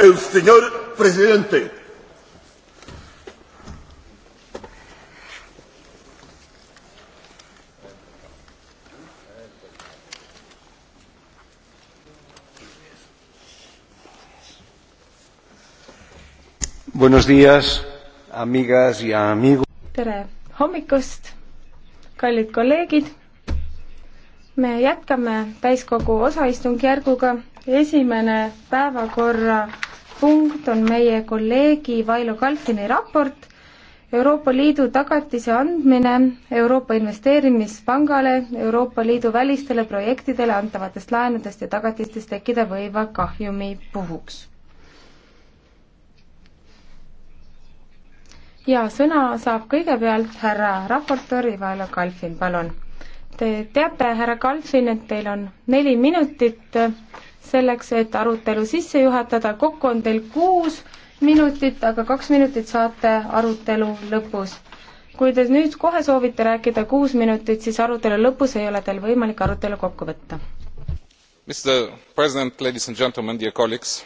El señor presidente. Buenos días, amigas y amigos. tere hommikust, kallid kolleegid. me jätkame täiskogu osaistungjärguga esimene päevakorra punkt on meie kolleegi Vailo Kalfini raport Euroopa Liidu tagatise andmine Euroopa Investeerimispangale Euroopa Liidu välistele projektidele antavatest laenudest ja tagatistest tekkida võiva kahjumi puhuks. ja sõna saab kõigepealt härra raportöör Ivailo Kalfin, palun. Te teate, härra Kalfin, et teil on neli minutit selleks, et arutelu sisse juhatada, kokku on teil kuus minutit, aga kaks minutit saate arutelu lõpus. kui te nüüd kohe soovite rääkida kuus minutit, siis arutelu lõpus ei ole teil võimalik arutelu kokku võtta. Mr President, ladies and gentlemen, dear colleagues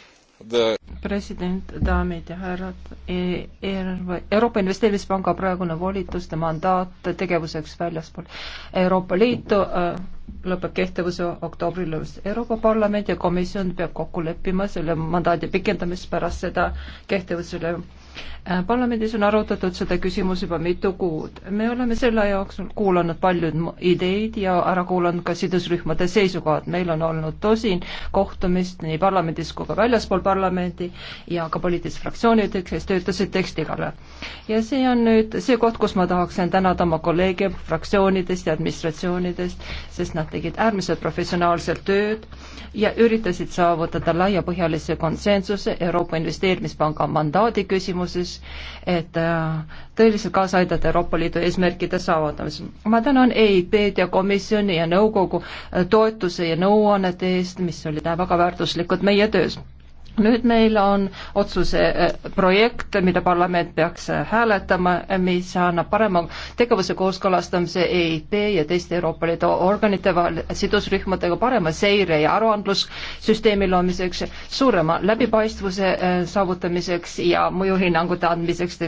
the... president, daamid ja härrad e, e- Euroopa Investeerimispanga praegune volituste mandaat tegevuseks väljaspool Euroopa Liitu äh, lõpeb kehtivuse oktoobri lõpus. Euroopa Parlament ja komisjon peab kokku leppima selle mandaadi pikendamist pärast seda kehtivusele Äh, parlamendis on arutatud seda küsimus juba mitu kuud. me oleme selle jaoks kuulanud paljud ideid ja ära kuulanud ka sidusrühmade seisukohad. meil on olnud tosin kohtumist nii parlamendis kui ka väljaspool parlamendi ja ka poliitilised fraktsioonid, kes töötasid teksti kallal. ja see on nüüd see koht, kus ma tahaksin tänada oma kolleege fraktsioonidest ja administratsioonidest, sest nad tegid äärmiselt professionaalselt tööd ja üritasid saavutada laiapõhjalise konsensuse Euroopa Investeerimispanga mandaadi küsimuses, küsimuses, et äh, tõeliselt kaasa aidata Euroopa Liidu eesmärkide saavutamisel. ma tänan EIB-d ja komisjoni ja nõukogu äh, toetuse ja nõuannete eest, mis olid väga väärtuslikud meie töös nüüd meil on otsuse äh, projekt, mida parlament peaks äh, hääletama, äh, mis annab parema tegevuse kooskõlastamise EIP ja teiste Euroopa Liidu organite vahel sidusrühmadega parema seire ja aruandlussüsteemi loomiseks, suurema läbipaistvuse saavutamiseks ja mõjuhinnangute andmiseks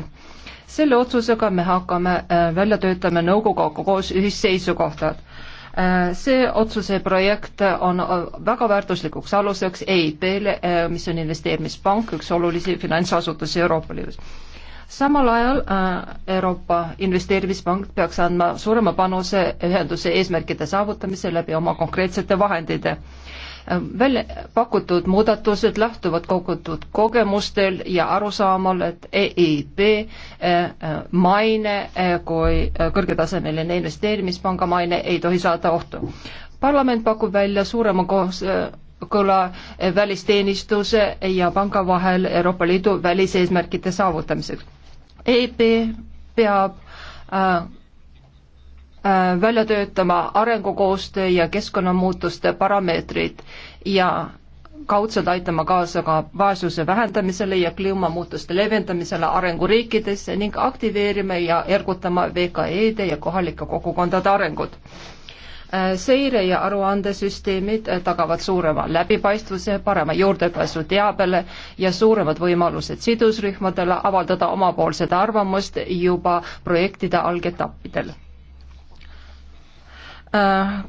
selle otsusega me hakkame välja töötama nõukoguga koos ühisseisukohtad see otsuse projekt on väga väärtuslikuks aluseks EIB-le, mis on investeerimispank, üks olulisi finantsasutusi Euroopa Liidus. samal ajal äh, Euroopa Investeerimispank peaks andma suurema panuse ühenduse eesmärkide saavutamise läbi oma konkreetsete vahendite Äh, välja pakutud muudatused lähtuvad kogutud kogemustel ja arusaamal, et EIB äh, äh, maine kui kõrgetasemeline investeerimispanga maine ei tohi saada ohtu. parlament pakub välja suurema koos kõla välisteenistuse ja panga vahel Euroopa Liidu väliseesmärkide saavutamiseks. EIB peab äh, Äh, välja töötama arengukoostöö ja keskkonnamuutuste parameetrid ja kaudselt aitama kaasa ka vaesuse vähendamisele ja kliimamuutuste leevendamisele arenguriikides ning aktiveerima ja ergutama VKE-de ja kohalike kogukondade arengut äh, seire- ja aruandesüsteemid äh, tagavad suurema läbipaistvuse, parema juurdepääsu teabele ja suuremad võimalused sidusrühmadele avaldada omapoolset arvamust juba projektide algetappidel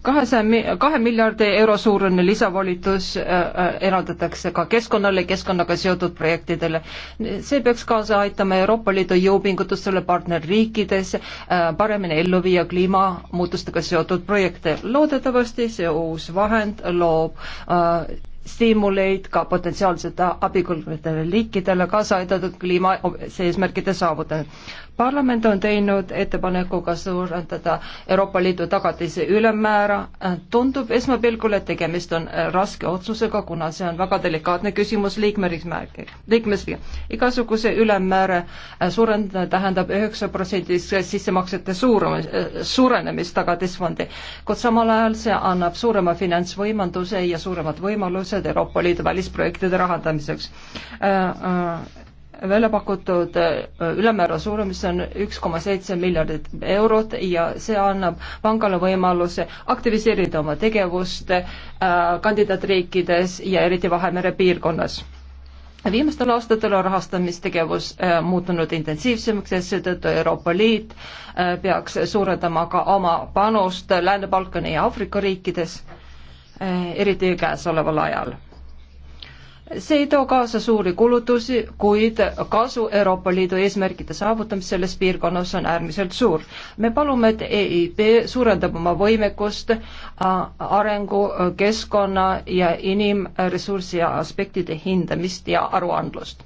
kahesaja, kahe miljardi euro suurune lisavolitus äh, äh, eraldatakse ka keskkonnale, keskkonnaga seotud projektidele. see peaks kaasa aitama Euroopa Liidu jõupingutustele partnerriikides äh, paremini ellu viia kliimamuutustega seotud projekte. loodetavasti see uus vahend loob stiimuleid ka potentsiaalsete abikõlbvatele liikidele kaasa aidatud kliima eesmärkide saavutamisele parlament on teinud ettepanekuga suurendada Euroopa Liidu tagatise ülemmäära. tundub esmapilgul, et tegemist on raske otsusega, kuna see on väga delikaatne küsimus liikmesmärgi, liikmesriigi. igasuguse ülemmäära suurendamine tähendab üheksa protsendist sissemaksete suuremus, suurenemist tagatisfondi, kuid samal ajal see annab suurema finantsvõimenduse ja suuremad võimalused Euroopa Liidu välisprojektide rahandamiseks äh,. Äh, välja pakutud äh, ülemäära suurem, mis on üks koma seitse miljardit eurot ja see annab pangale võimaluse aktiviseerida oma tegevust äh, kandidaatriikides ja eriti Vahemere piirkonnas viimastel aastatel on rahastamistegevus äh, muutunud intensiivsemaks ja seetõttu Euroopa Liit peaks suurendama ka oma panust Lääne-Balkani ja Aafrika riikides, eriti käesoleval ajal see ei too kaasa suuri kulutusi, kuid kasu Euroopa Liidu eesmärkide saavutamist selles piirkonnas on äärmiselt suur. me palume, et EIB suurendab oma võimekust arengu, keskkonna ja inimressursi aspektide hindamist ja aruandlust.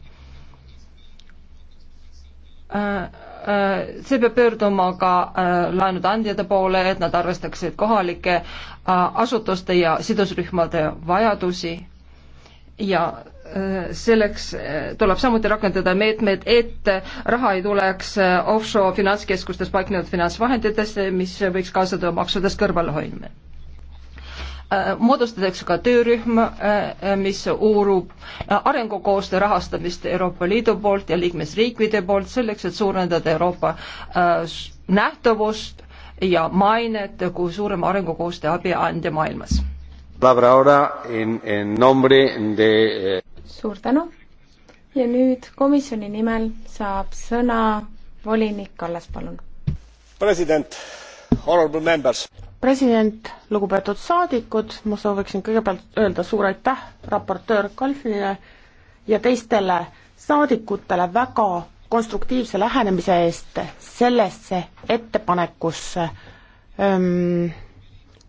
See peab pöörduma ka laenude andjate poole, et nad arvestaksid kohalike asutuste ja sidusrühmade vajadusi ja äh, selleks äh, tuleb samuti rakendada meetmed, et raha ei tuleks äh, offshore finantskeskustes paiknenud finantsvahenditest, mis võiks kaasa tuua maksudest kõrvalehoidmine. moodustatakse ka töörühm, mis uurub arengukoostöö rahastamist Euroopa Liidu poolt ja liikmesriikide poolt selleks, et suurendada Euroopa nähtavust ja mainet kui suurema arengukoostöö abiandja maailmas Eh, suur tänu ja nüüd komisjoni nimel saab sõna volinik Kallas, palun. president, honorable members. president, lugupeetud saadikud, ma sooviksin kõigepealt öelda suur aitäh raportöör Kalfile ja teistele saadikutele väga konstruktiivse lähenemise eest sellesse ettepanekusse.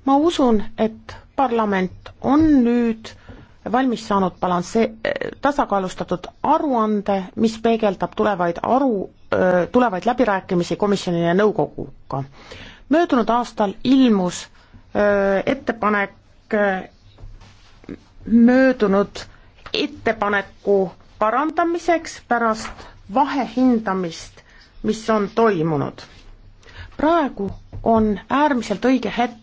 ma usun, et parlament on nüüd valmis saanud balansee-, tasakaalustatud aruande, mis peegeldab tulevaid aru, tulevaid läbirääkimisi komisjoni ja nõukoguga. möödunud aastal ilmus ettepanek, möödunud ettepaneku parandamiseks pärast vahehindamist, mis on toimunud. praegu on äärmiselt õige hetk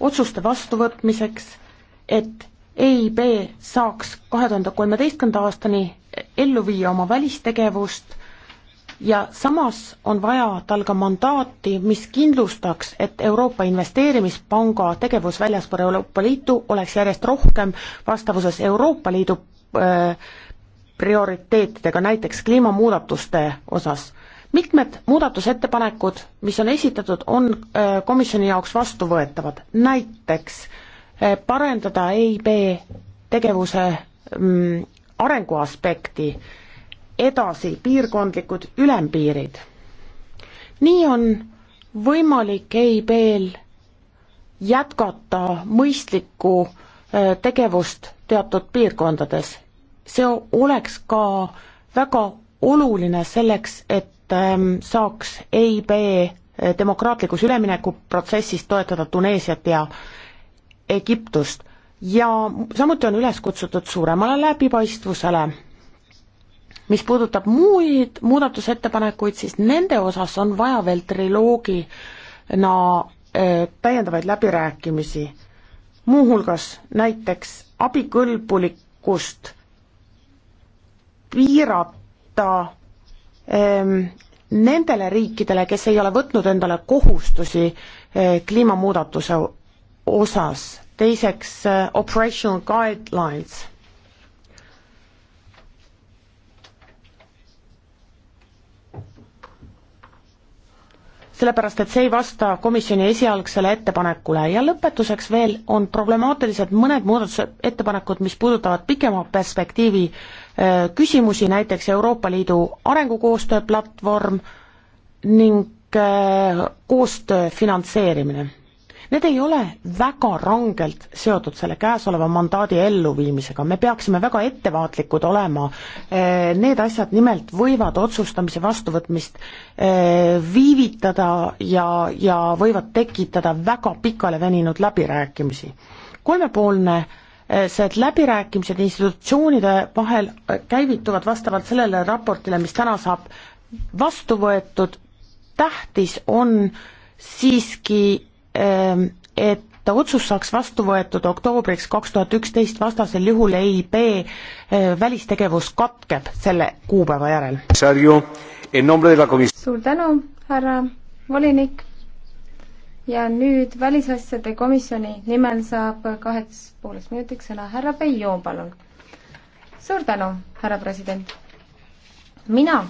otsuste vastuvõtmiseks, et EIB saaks kahe tuhande kolmeteistkümnenda aastani ellu viia oma välistegevust ja samas on vaja tal ka mandaati, mis kindlustaks, et Euroopa Investeerimispanga tegevus väljaspool Euroopa Liitu oleks järjest rohkem vastavuses Euroopa Liidu äh, prioriteetidega, näiteks kliimamuudatuste osas mitmed muudatusettepanekud, mis on esitatud, on äh, komisjoni jaoks vastuvõetavad, näiteks äh, parendada EIB tegevuse mm, arengu aspekti, edasi piirkondlikud ülempiirid. nii on võimalik EIB-l jätkata mõistlikku äh, tegevust teatud piirkondades. see oleks ka väga oluline selleks, et Ähm, saaks EIB äh, demokraatlikus üleminekuprotsessis toetada Tuneesiat ja Egiptust ja samuti on üles kutsutud suuremale läbipaistvusele. mis puudutab muid muudatusettepanekuid, siis nende osas on vaja veel triloogina äh, täiendavaid läbirääkimisi, muuhulgas näiteks abikõlbulikkust piirata ähm, nendele riikidele, kes ei ole võtnud endale kohustusi eh, kliimamuudatuse osas. teiseks, eh, operational guidelines sellepärast et see ei vasta komisjoni esialgsele ettepanekule ja lõpetuseks veel on problemaatilised mõned muudatusettepanekud, mis puudutavad pikema perspektiivi öö, äh, küsimusi, näiteks Euroopa Liidu arengukoostöö platvorm ning öö, äh, koostöö finantseerimine. Need ei ole väga rangelt seotud selle käesoleva mandaadi elluviimisega, me peaksime väga ettevaatlikud olema, need asjad nimelt võivad otsustamise vastuvõtmist viivitada ja, ja võivad tekitada väga pikale veninud läbirääkimisi. kolmepoolne see, et läbirääkimised institutsioonide vahel käivituvad vastavalt sellele raportile, mis täna saab vastu võetud, tähtis on siiski Ehm, et otsus saaks vastu võetud oktoobriks kaks tuhat üksteist, vastasel juhul EIB eh, välistegevus katkeb selle kuupäeva järel. suur tänu, härra volinik. ja nüüd Välisasjade Komisjoni nimel saab kaheks pooleks minutiks sõna härra Peio, palun. suur tänu, härra president. mina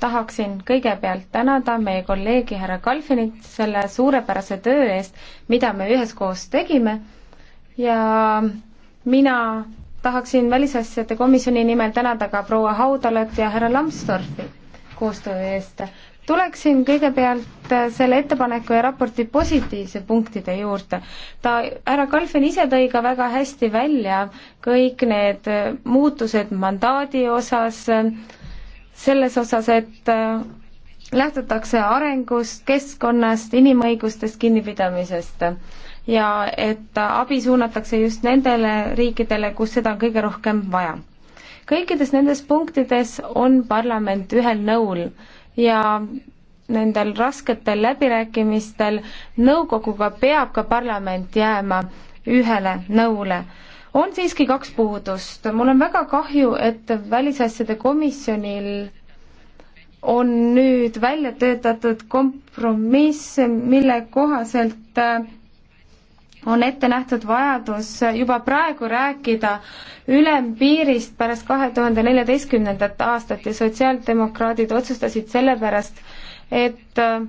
tahaksin kõigepealt tänada meie kolleegi härra Kalfinit selle suurepärase töö eest, mida me üheskoos tegime ja mina tahaksin Välisasjade Komisjoni nimel tänada ka proua Haudalat ja härra Lambsdorfi koostöö eest. tuleksin kõigepealt selle ettepaneku ja raporti positiivse punktide juurde. ta, härra Kalfin ise tõi ka väga hästi välja kõik need muutused mandaadi osas äh,, selles osas, et äh, lähtutakse arengust, keskkonnast, inimõigustest kinnipidamisest ja et abi suunatakse just nendele riikidele, kus seda on kõige rohkem vaja. kõikides nendes punktides on parlament ühel nõul ja nendel rasketel läbirääkimistel nõukoguga peab ka parlament jääma ühele nõule on siiski kaks puudust. mul on väga kahju, et Välisasjade komisjonil on nüüd välja töötatud kompromiss, mille kohaselt äh, on ette nähtud vajadus juba praegu rääkida ülempiirist pärast kahe tuhande neljateistkümnendat aastat ja sotsiaaldemokraadid otsustasid sellepärast, et äh,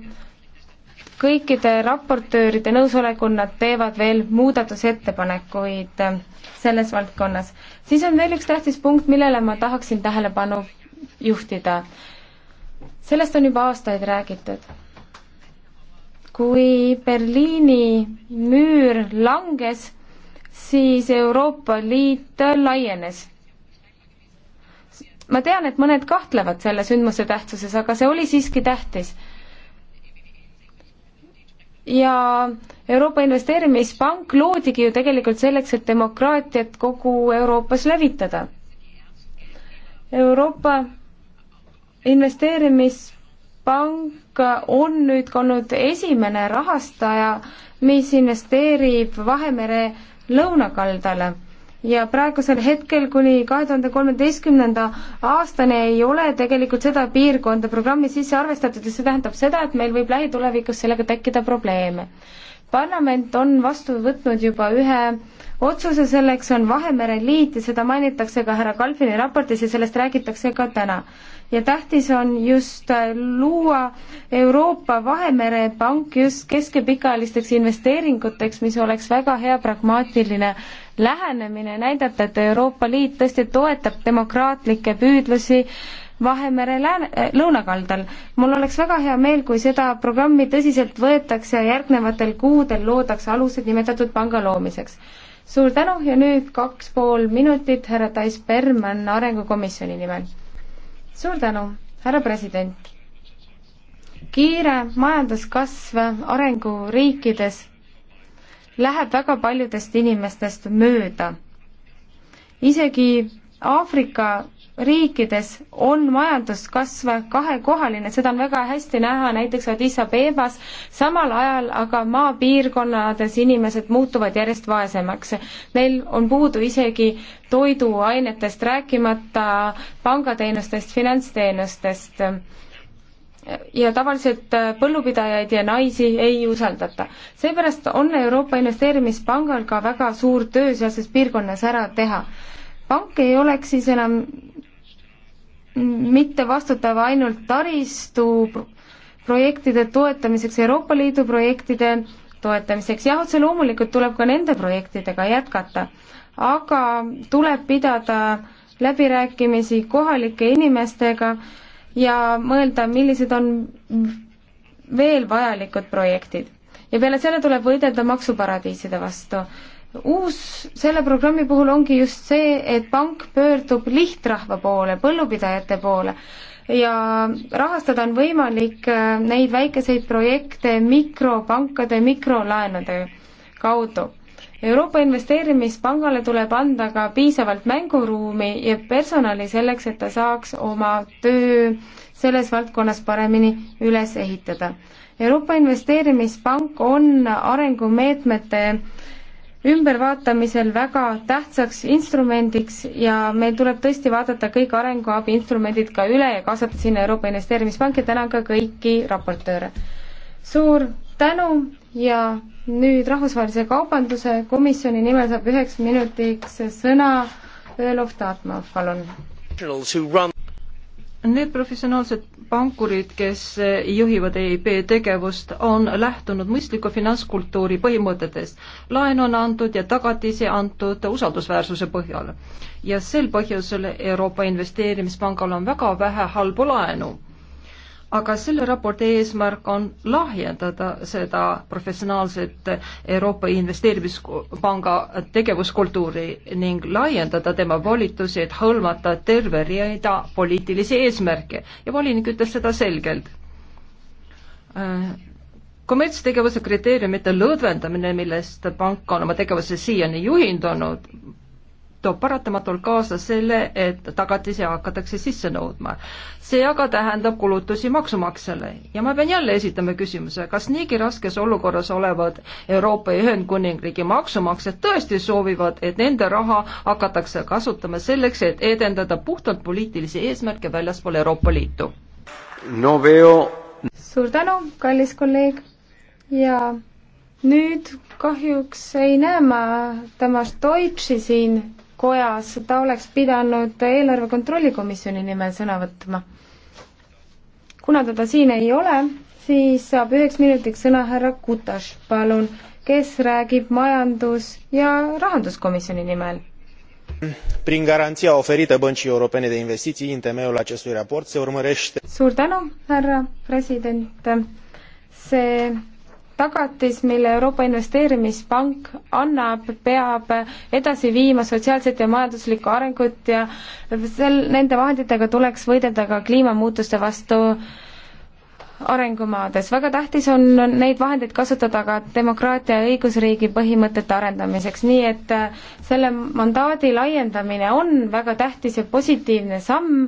kõikide raportööride nõusolekul nad teevad veel muudatusettepanekuid äh, selles valdkonnas. siis on veel üks tähtis punkt, millele ma tahaksin tähelepanu juhtida. sellest on juba aastaid räägitud. kui Berliini müür langes, siis Euroopa Liit laienes ma tean, et mõned kahtlevad selle sündmuse tähtsuses, aga see oli siiski tähtis ja Euroopa Investeerimispank loodigi ju tegelikult selleks, et demokraatiat kogu Euroopas levitada. Euroopa Investeerimispank on nüüd olnud esimene rahastaja, mis investeerib Vahemere lõunakaldale ja praegusel hetkel kuni kahe tuhande kolmeteistkümnenda aastani ei ole tegelikult seda piirkonda programmi sisse arvestatud ja see tähendab seda, et meil võib lähitulevikus sellega tekkida probleeme. parlament on vastu võtnud juba ühe otsuse, selleks on Vahemere Liit ja seda mainitakse ka härra Kalfini raportis ja sellest räägitakse ka täna. ja tähtis on just luua Euroopa Vahemere Pank just kesk- ja pikaajalisteks investeeringuteks, mis oleks väga hea pragmaatiline äh, lähenemine näidab, et Euroopa Liit tõesti toetab demokraatlikke püüdlusi Vahemere lääne, eh, lõunakaldal. mul oleks väga hea meel, kui seda programmi tõsiselt võetakse ja järgnevatel kuudel loodakse alused nimetatud panga loomiseks. suur tänu ja nüüd kaks pool minutit härra Tais Berman Arengukomisjoni nimel. suur tänu, härra president. kiire majanduskasv arenguriikides läheb väga paljudest inimestest mööda. isegi Aafrika riikides on majanduskasv kahekohaline, seda on väga hästi näha näiteks Addis Abebas, samal ajal aga maapiirkonnades inimesed muutuvad järjest vaesemaks. Neil on puudu isegi toiduainetest, rääkimata pangateenustest, finantsteenustest ja tavaliselt äh, põllupidajaid ja naisi ei usaldata. seepärast on Euroopa Investeerimispangal ka väga suur töö sealses piirkonnas ära teha. pank ei oleks siis enam mitte vastutav ainult taristu projektide toetamiseks, Euroopa Liidu projektide toetamiseks, jah, otse loomulikult tuleb ka nende projektidega jätkata, aga tuleb pidada läbirääkimisi kohalike inimestega, ja mõelda, millised on veel vajalikud projektid. ja peale selle tuleb võidelda maksuparadiiside vastu. uus selle programmi puhul ongi just see, et pank pöördub lihtrahva poole, põllupidajate poole ja rahastada on võimalik äh, neid väikeseid projekte mikropankade, mikrolaenude kaudu Euroopa Investeerimispangale tuleb anda ka piisavalt mänguruumi ja personali selleks, et ta saaks oma töö selles valdkonnas paremini üles ehitada. Euroopa Investeerimispank on arengumeetmete ümbervaatamisel väga tähtsaks instrumendiks ja meil tuleb tõesti vaadata kõik arenguabi instrumendid ka üle ja kaasata sinna Euroopa Investeerimispank ja tänan ka kõiki raportööre. suur tänu ja nüüd Rahvusvahelise Kaubanduse Komisjoni nimel saab üheks minutiks sõna Ölov Tatmov, palun. Need professionaalsed pankurid, kes juhivad EIB tegevust, on lähtunud mõistliku finantskultuuri põhimõtetest. laen on antud ja tagatisi antud usaldusväärsuse põhjal. ja sel põhjusel Euroopa Investeerimispangal on väga vähe halbu laenu aga selle raporti eesmärk on lahjendada seda professionaalset Euroopa Investeerimispanga tegevuskultuuri ning laiendada tema volitusi, et hõlmata terve rida poliitilisi eesmärke ja volinik ütles seda selgelt äh, kommertstegevuse kriteeriumite lõdvendamine, millest pank on oma tegevuses siiani juhindunud, toob paratamatult kaasa selle, et tagatisi hakatakse sisse nõudma. see aga tähendab kulutusi maksumaksjale ja ma pean jälle esitama küsimuse, kas niigi raskes olukorras olevad Euroopa ja Ühendkuningriigi maksumaksjad tõesti soovivad, et nende raha hakatakse kasutama selleks, et edendada puhtalt poliitilisi eesmärke väljaspool Euroopa Liitu no? Veo... suur tänu, kallis kolleeg ja nüüd kahjuks ei näe ma temast Deutsche siin kojas, ta oleks pidanud eelarve kontrolli komisjoni nimel sõna võtma. kuna teda siin ei ole, siis saab üheks minutiks sõna härra Kutaš, palun, kes räägib majandus- ja rahanduskomisjoni nimel. Prin garanția oferită Băncii Europene de Investiții în temeiul acestui raport se urmărește Suur tänu, härra president! see tagatis, mille Euroopa Investeerimispank annab, peab edasi viima sotsiaalset ja majanduslikku arengut ja sel, nende vahenditega tuleks võidelda ka kliimamuutuste vastu arengumaades. väga tähtis on neid vahendeid kasutada ka demokraatia ja õigusriigi põhimõtete arendamiseks, nii et selle mandaadi laiendamine on väga tähtis ja positiivne samm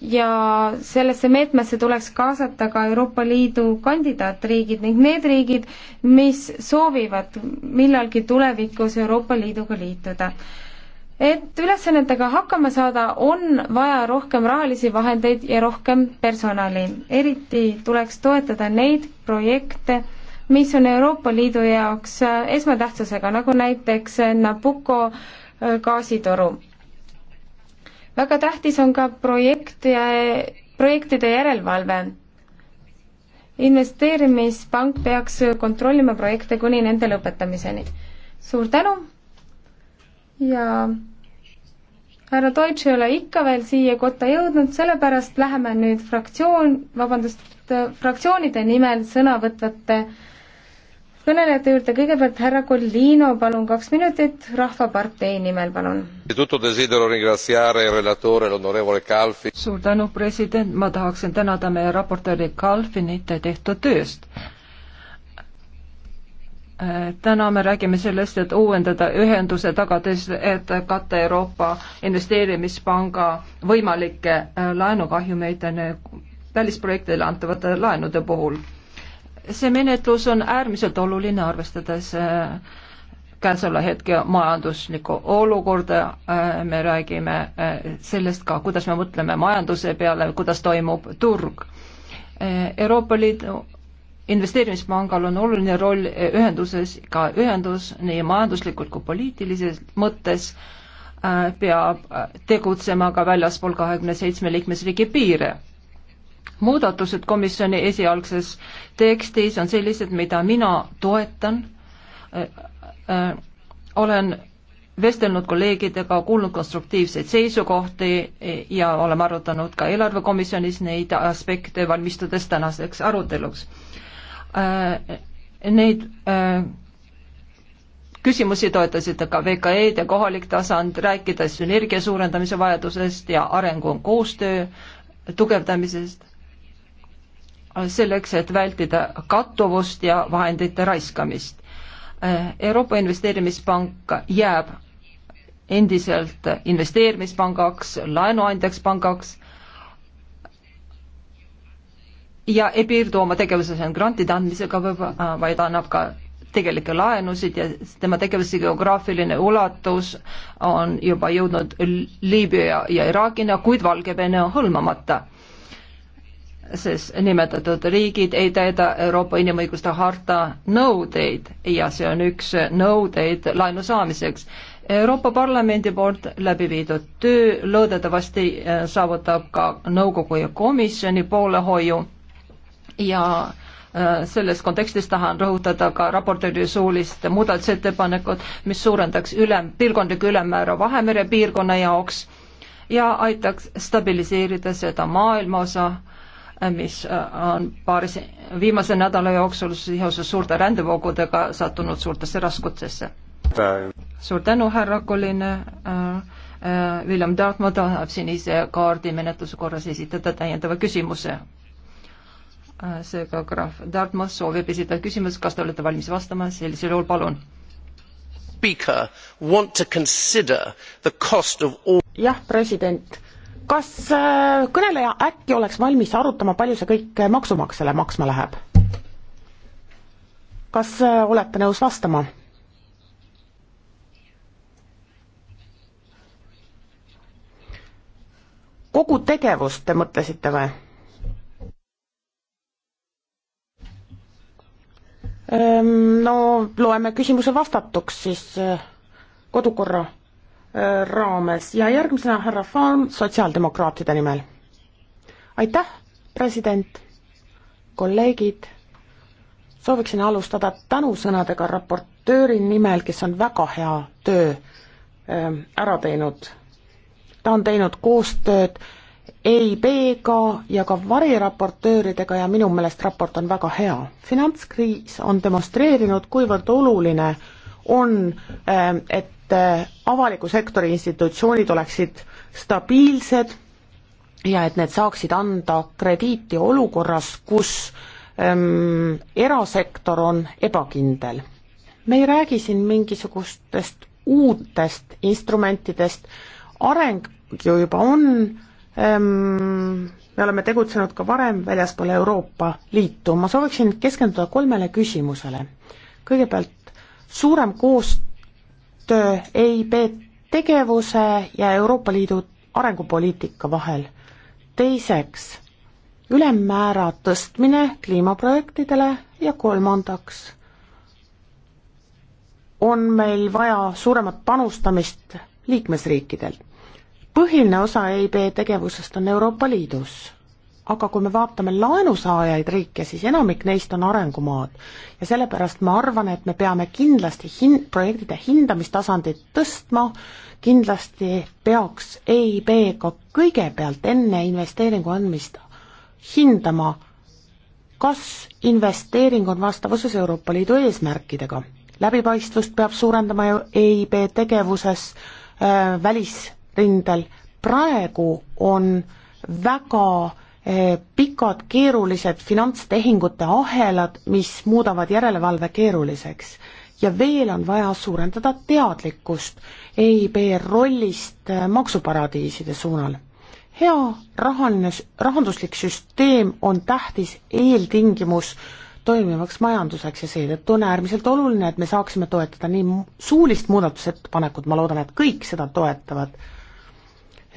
ja sellesse meetmesse tuleks kaasata ka Euroopa Liidu kandidaatriigid ning need riigid, mis soovivad millalgi tulevikus Euroopa Liiduga liituda. et ülesannetega hakkama saada, on vaja rohkem rahalisi vahendeid ja rohkem personali. eriti tuleks toetada neid projekte, mis on Euroopa Liidu jaoks esmatähtsusega, nagu näiteks Nabucco äh, gaasitoru väga tähtis on ka projekt ja projektide järelevalve. investeerimispank peaks kontrollima projekte kuni nende lõpetamiseni. suur tänu ja härra Deutsch ei ole ikka veel siia kotta jõudnud, sellepärast läheme nüüd fraktsioon, vabandust, fraktsioonide nimel sõna võtvate kõnelejate juurde, kõigepealt härra Collino, palun kaks minutit, Rahvapartei nimel, palun. suur tänu, president, ma tahaksin tänada meie raportööri Kalfinit tehtud tööst täna me räägime sellest, et uuendada ühenduse tagades, et katta Euroopa Investeerimispanga võimalikke laenukahjumeid äh, välisprojektile antavate laenude puhul see menetlus on äärmiselt oluline, arvestades äh, käesoleva hetke majanduslikku olukorda, äh, me räägime äh, sellest ka, kuidas me mõtleme majanduse peale, kuidas toimub turg. Euroopa Liidu investeerimispangal on oluline roll ühenduses, ka ühendus nii majanduslikult kui poliitilises mõttes peab tegutsema ka väljaspool kahekümne seitsme liikmesriigi piire muudatused komisjoni esialgses tekstis on sellised, mida mina toetan. Äh, äh, olen vestelnud kolleegidega, kuulnud konstruktiivseid seisukohti ja oleme arutanud ka eelarvekomisjonis neid aspekte, valmistudes tänaseks aruteluks. Äh, neid küsimusi toetasid ka VKE-d ja kohalik tasand, rääkides sünergia suurendamise vajadusest ja arengu koostöö tugevdamisest selleks, et vältida kattuvust ja vahendite raiskamist. Euroopa Investeerimispank jääb endiselt investeerimispangaks, laenuandjaks pangaks ja ei piirdu oma tegevuses ainult grantide andmisega, vaid annab ka tegelikke laenusid ja tema tegevuse geograafiline ulatus on juba jõudnud Liibüa ja Iraagina, kuid Valgevene on hõlmamata sest nimetatud riigid ei täida Euroopa inimõiguste harta nõudeid ja see on üks nõudeid laenu saamiseks. Euroopa Parlamendi poolt läbi viidud töö loodetavasti äh, saavutab ka nõukogu ja komisjoni poolehoiu ja äh, selles kontekstis tahan rõhutada ka raportööri suulist muudatusettepanekut, mis suurendaks ülem, piirkondlikku ülemmäära Vahemere piirkonna jaoks ja aitaks stabiliseerida seda maailmaosa, mis äh, on paaris viimase nädala jooksul seoses suurte rändevoogudega sattunud suurtesse raskutesse. suur tänu, härra Kolline äh,. Äh, William Dartmaa tahab sinise kaardi menetluse korras esitada täiendava küsimuse äh,. seega krahv Dartmaa soovib esitada küsimust, kas te olete valmis vastama, sellisel juhul palun. jah, president kas äh, kõneleja äkki oleks valmis arutama, palju see kõik äh, maksumaksjale maksma läheb? kas äh, olete nõus vastama? kogu tegevust te mõtlesite või? no loeme küsimuse vastatuks siis kodukorra Äh, raames ja järgmisena härra Farm sotsiaaldemokraatide nimel. aitäh, president, kolleegid, sooviksin alustada tänusõnadega raportööri nimel, kes on väga hea töö ähm, ära teinud. ta on teinud koostööd EIB-ga ja ka variraportööridega ja minu meelest raport on väga hea. finantskriis on demonstreerinud, kuivõrd oluline on, ähm, et et äh, avaliku sektori institutsioonid oleksid stabiilsed ja et need saaksid anda krediiti olukorras, kus ähm, erasektor on ebakindel. me ei räägi siin mingisugustest uutest instrumentidest, areng ju juba on ähm,, me oleme tegutsenud ka varem väljaspool Euroopa Liitu, ma sooviksin keskenduda kolmele küsimusele. kõigepealt suurem koostöö koostöö EIB tegevuse ja Euroopa Liidu arengupoliitika vahel. teiseks, ülemmäära tõstmine kliimaprojektidele ja kolmandaks on meil vaja suuremat panustamist liikmesriikidel. põhiline osa EIB tegevusest on Euroopa Liidus aga kui me vaatame laenusaajaid riike, siis enamik neist on arengumaad. ja sellepärast ma arvan, et me peame kindlasti hin-, projektide hindamistasandit tõstma, kindlasti peaks EIB-ga kõigepealt enne investeeringu andmist hindama, kas investeering on vastavuses Euroopa Liidu eesmärkidega. läbipaistvust peab suurendama EIB tegevuses äh, välisrindel, praegu on väga äh, Eh, pikad keerulised finantstehingute ahelad, mis muudavad järelevalve keeruliseks. ja veel on vaja suurendada teadlikkust EIB rollist eh, maksuparadiiside suunal. hea rahaline, rahanduslik süsteem on tähtis eeltingimus toimivaks majanduseks ja seetõttu on äärmiselt oluline, et me saaksime toetada nii suulist muudatusettepanekut, ma loodan, et kõik seda toetavad,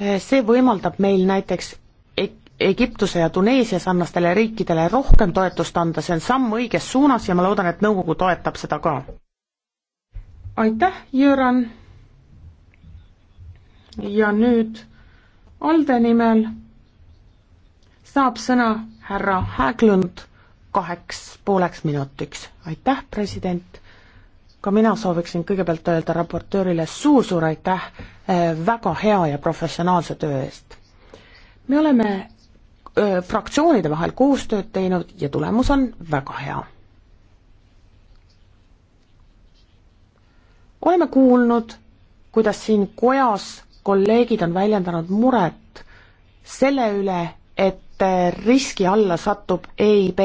eh, see võimaldab meil näiteks Egiptuse ja Tuneesia sarnastele riikidele rohkem toetust anda, see on samm õiges suunas ja ma loodan, et nõukogu toetab seda ka. aitäh, Jüran. ja nüüd ALDE nimel saab sõna härra Häglund kaheks pooleks minutiks. aitäh, president. ka mina sooviksin kõigepealt öelda raportöörile suur-suur aitäh eh, väga hea ja professionaalse töö eest. me oleme fraktsioonide vahel koostööd teinud ja tulemus on väga hea. oleme kuulnud, kuidas siin kojas kolleegid on väljendanud muret selle üle, et riski alla satub EIB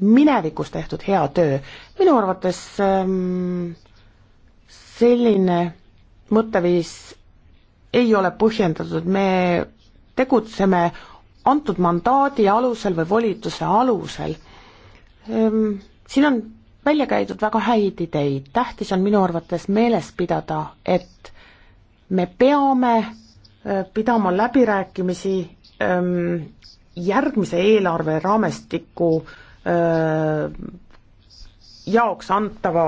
minevikus tehtud hea töö. minu arvates ähm, selline mõtteviis ei ole põhjendatud, me tegutseme antud mandaadi alusel või volituse alusel. Ehm, siin on välja käidud väga häid ideid, tähtis on minu arvates meeles pidada, et me peame e, pidama läbirääkimisi ehm, järgmise eelarve raamistiku e, jaoks antava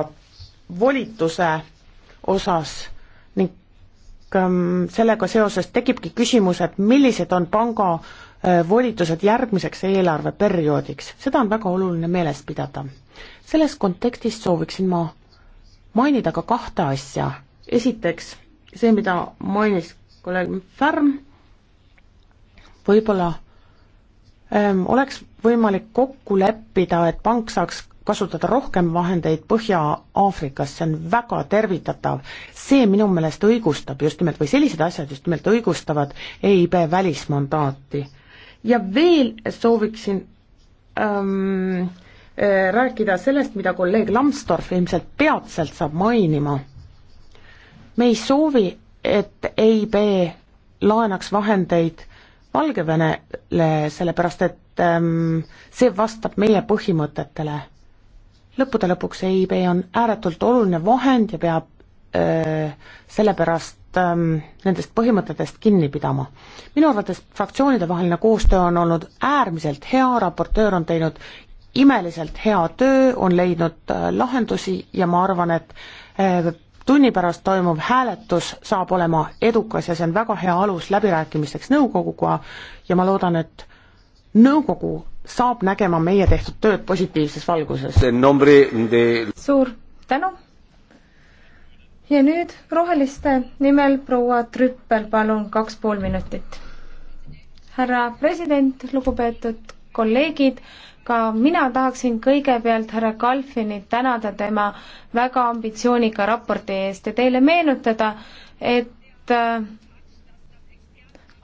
volituse osas ning ehm, sellega seoses tekibki küsimus, et millised on panga äh, Äh, volitused järgmiseks eelarveperioodiks, seda on väga oluline meeles pidada. selles kontekstis sooviksin ma mainida ka kahte asja. esiteks see, mida mainis kolleeg Färm, võib-olla ähm, oleks võimalik kokku leppida, et pank saaks kasutada rohkem vahendeid Põhja-Aafrikas, see on väga tervitatav. see minu meelest õigustab just nimelt, või sellised asjad just nimelt õigustavad EIB välismandaati ja veel sooviksin ähm, äh, rääkida sellest, mida kolleeg Lambsdorff ilmselt peatselt saab mainima. me ei soovi, et EIB laenaks vahendeid Valgevenele, sellepärast et ähm, see vastab meie põhimõtetele. lõppude lõpuks EIB on ääretult oluline vahend ja peab öö, äh, sellepärast Ähm, nendest põhimõtetest kinni pidama. minu arvates fraktsioonidevaheline koostöö on olnud äärmiselt hea, raportöör on teinud imeliselt hea töö, on leidnud äh, lahendusi ja ma arvan, et äh, tunni pärast toimuv hääletus saab olema edukas ja see on väga hea alus läbirääkimisteks nõukoguga ja ma loodan, et nõukogu saab nägema meie tehtud tööd positiivses valguses. suur tänu ja nüüd roheliste nimel proua Trüppel, palun kaks pool minutit. härra president, lugupeetud kolleegid, ka mina tahaksin kõigepealt härra Kalfinit tänada tema väga ambitsioonika raporti eest ja teile meenutada, et äh,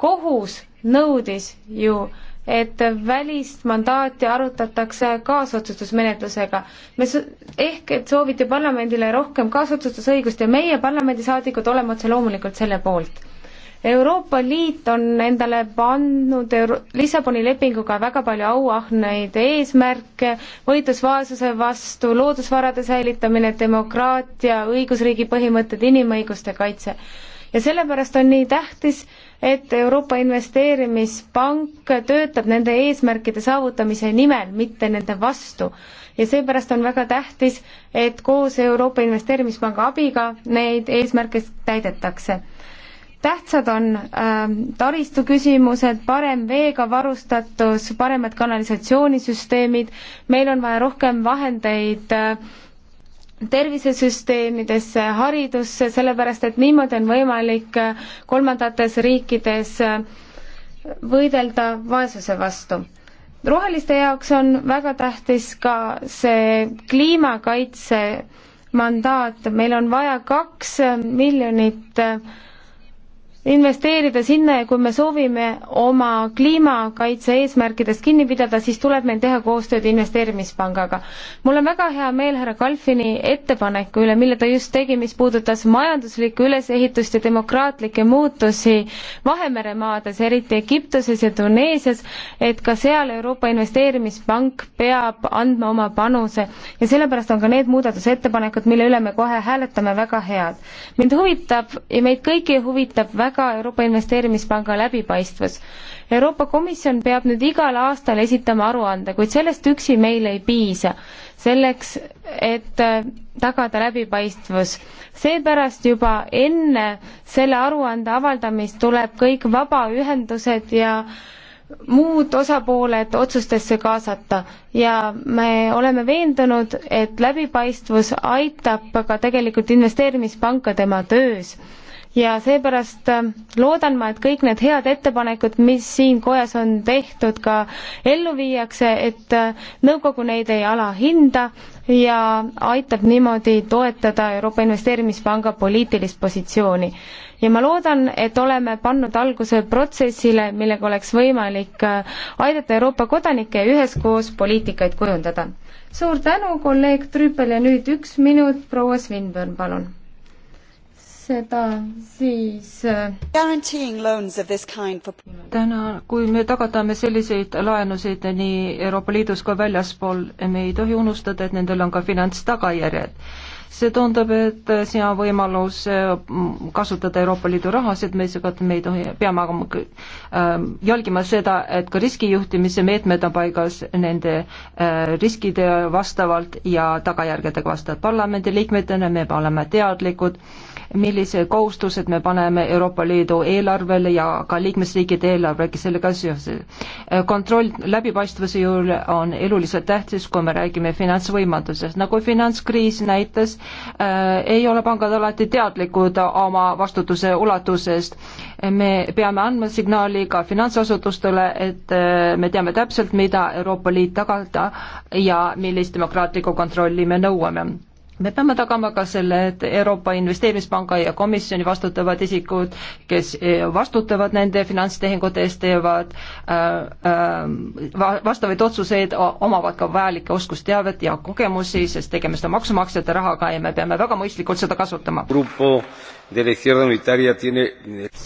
kohus nõudis ju äh, et välist mandaati arutatakse kaasotsustusmenetlusega. me ehk et sooviti parlamendile rohkem kaasotsustusõigust ja meie parlamendisaadikud oleme otse loomulikult selle poolt. Euroopa Liit on endale pannud Euro Lissaboni lepinguga väga palju auahneid eesmärke, võitlus vaesuse vastu, loodusvarade säilitamine, demokraatia, õigusriigi põhimõtted, inimõiguste kaitse. ja sellepärast on nii tähtis, et Euroopa Investeerimispank töötab nende eesmärkide saavutamise nimel, mitte nende vastu. ja seepärast on väga tähtis, et koos Euroopa Investeerimispanga abiga neid eesmärke täidetakse tähtsad on äh, taristu küsimused, parem veega varustatus, paremad kanalisatsioonisüsteemid, meil on vaja rohkem vahendeid äh, tervisesüsteemidesse, haridusse, sellepärast et niimoodi on võimalik kolmandates riikides võidelda vaesuse vastu. roheliste jaoks on väga tähtis ka see kliimakaitse mandaat, meil on vaja kaks miljonit investeerida sinna ja kui me soovime oma kliimakaitse eesmärkidest kinni pidada, siis tuleb meil teha koostööd investeerimispangaga. mul on väga hea meel härra Kalfini ettepaneku üle, mille ta just tegi, mis puudutas majanduslikku ülesehitust ja demokraatlikke muutusi Vahemere maades, eriti Egiptuses ja Tuneesias, et ka seal Euroopa Investeerimispank peab andma oma panuse ja sellepärast on ka need muudatusettepanekud, mille üle me kohe hääletame, väga head. mind huvitab ja meid kõiki huvitab väga ka Euroopa Investeerimispanga läbipaistvus. Euroopa Komisjon peab nüüd igal aastal esitama aruande, kuid sellest üksi meil ei piisa, selleks et äh, tagada läbipaistvus. seepärast juba enne selle aruande avaldamist tuleb kõik vabaühendused ja muud osapooled otsustesse kaasata ja me oleme veendunud, et läbipaistvus aitab ka tegelikult investeerimispanka tema töös ja seepärast äh, loodan ma, et kõik need head ettepanekud, mis siin kojas on tehtud, ka ellu viiakse, et äh, nõukogu neid ei alahinda ja aitab niimoodi toetada Euroopa Investeerimispanga poliitilist positsiooni. ja ma loodan, et oleme pannud alguse protsessile, millega oleks võimalik äh, aidata Euroopa kodanikke üheskoos poliitikaid kujundada. suur tänu, kolleeg Trüüpel ja nüüd üks minut, proua Svinberg, palun seda siis äh, täna, kui me tagatame selliseid laenusid nii Euroopa Liidus kui väljaspool, me ei tohi unustada, et nendel on ka finantstagajärjed see tundub, et siin on võimalus äh, kasutada Euroopa Liidu rahasid, me seega me ei tohi, peame aga ähm, jälgima seda, et ka riskijuhtimise meetmed on paigas nende äh, riskide vastavalt ja tagajärgedega vastavalt. parlamendiliikmetena me oleme teadlikud, millised kohustused me paneme Euroopa Liidu eelarvele ja ka liikmesriikide eelarvega sellega seoses. Äh, kontroll läbipaistvuse juurde on eluliselt tähtis, kui me räägime finantsvõimatusest, nagu finantskriis näitas, osas äh, ei ole pangad alati teadlikud oma vastutuse ulatusest. me peame andma signaali ka finantsasutustele, et äh, me teame täpselt, mida Euroopa Liit tagada ja millist demokraatlikku kontrolli me nõuame me peame tagama ka selle, et Euroopa Investeerimispanga ja komisjoni vastutavad isikud, kes eh, vastutavad nende finantstehingute eest, teevad äh, äh, vastavaid otsuseid, omavad ka vajalikke oskusteavet ja kogemusi, sest tegemist on maksumaksjate rahaga ja me peame väga mõistlikult seda kasutama.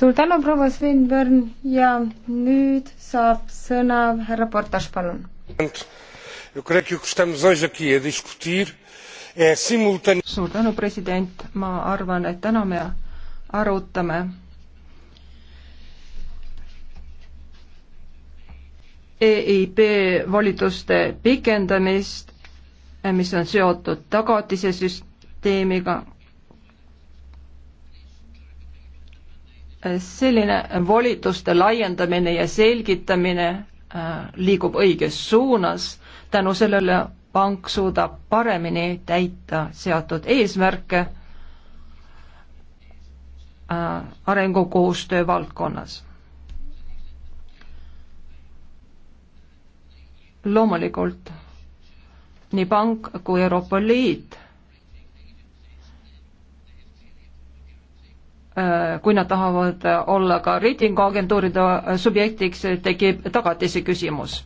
suur tänu, proua Svenborn ja nüüd saab sõna härra Portas, palun. Eu creio que o que estamos hoje aqui a discutir Eh, simultan-. suur tänu, president, ma arvan, et täna me arutame EIB volituste pikendamist, mis on seotud tagatise süsteemiga. selline volituste laiendamine ja selgitamine äh, liigub õiges suunas, tänu sellele pank suudab paremini täita seatud eesmärke äh, arengukoostöö valdkonnas. loomulikult nii pank kui Euroopa Liit, äh, kui nad tahavad olla ka reitinguagentuuride äh, subjektiks, tekib tagatise küsimus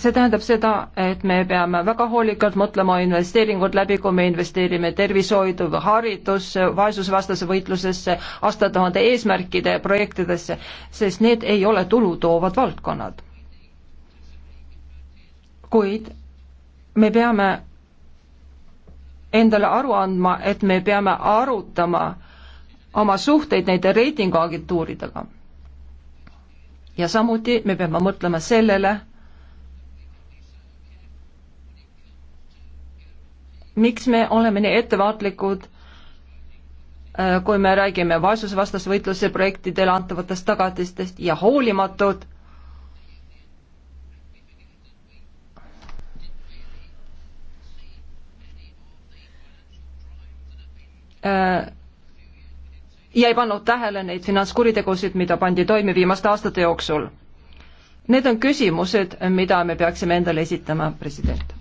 see tähendab seda, et me peame väga hoolikalt mõtlema investeeringud läbi, kui me investeerime tervishoidu, haridusse, vaesusvastase võitlusesse, aastatuhande eesmärkide projektidesse, sest need ei ole tulu toovad valdkonnad. kuid me peame endale aru andma, et me peame arutama oma suhteid nende reitinguagentuuridega. ja samuti me peame mõtlema sellele, miks me oleme nii ettevaatlikud, äh, kui me räägime vaesusevastase võitluse projektidele antavatest tagatistest ja hoolimatud äh, ja ei pannud tähele neid finantskuritegusid, mida pandi toime viimaste aastate jooksul. Need on küsimused, mida me peaksime endale esitama, president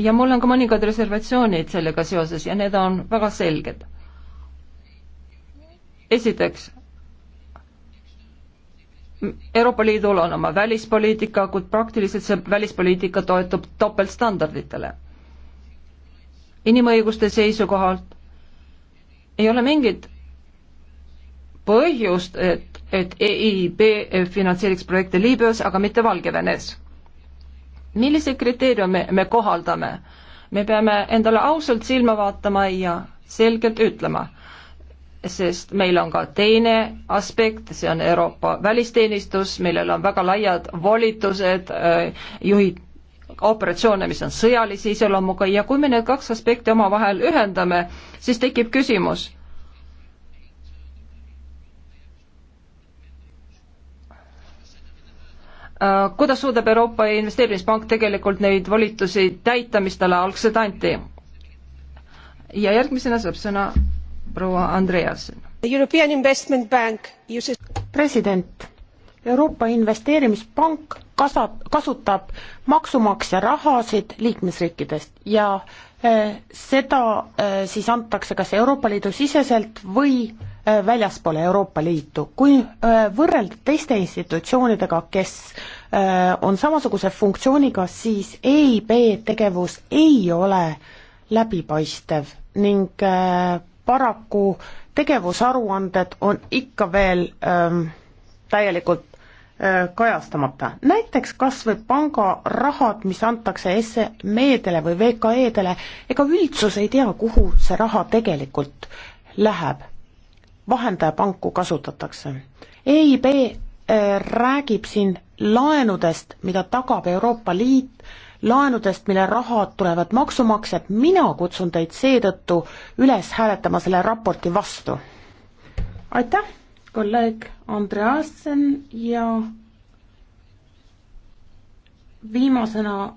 ja mul on ka mõningad reservatsioonid sellega seoses ja need on väga selged. esiteks, Euroopa Liidul on oma välispoliitika, kuid praktiliselt see välispoliitika toetub topeltstandarditele. inimõiguste seisukohalt ei ole mingit põhjust, et, et EIB finantseeriks projekte Liibüas, aga mitte Valgevenes milliseid kriteeriume me kohaldame. me peame endale ausalt silma vaatama ja selgelt ütlema, sest meil on ka teine aspekt, see on Euroopa välisteenistus, millel on väga laiad volitused, äh, juhid operatsioone, mis on sõjalise iseloomuga ja kui me need kaks aspekti omavahel ühendame, siis tekib küsimus Äh, kuidas suudab Euroopa Investeerimispank tegelikult neid volitusi täita, mis talle algselt anti? ja järgmisena saab sõna proua Andreasen. president, Euroopa Investeerimispank kasab, kasutab maksumaksja rahasid liikmesriikidest ja äh, seda äh, siis antakse kas Euroopa Liidu siseselt või äh, väljaspoole Euroopa Liitu, kui äh, võrrelda teiste institutsioonidega, kes Äh, on samasuguse funktsiooniga, siis EIB tegevus ei ole läbipaistev ning äh, paraku tegevusaruanded on ikka veel ähm, täielikult äh, kajastamata. näiteks kas või pangarahad, mis antakse SME-dele e või VKE-dele, ega üldsus ei tea, kuhu see raha tegelikult läheb. vahendajapanku kasutatakse. EIB äh, räägib siin laenudest, mida tagab Euroopa Liit, laenudest, mille rahad tulevad maksumaksjad, mina kutsun teid seetõttu üles hääletama selle raporti vastu. aitäh, kolleeg Andreasen ja viimasena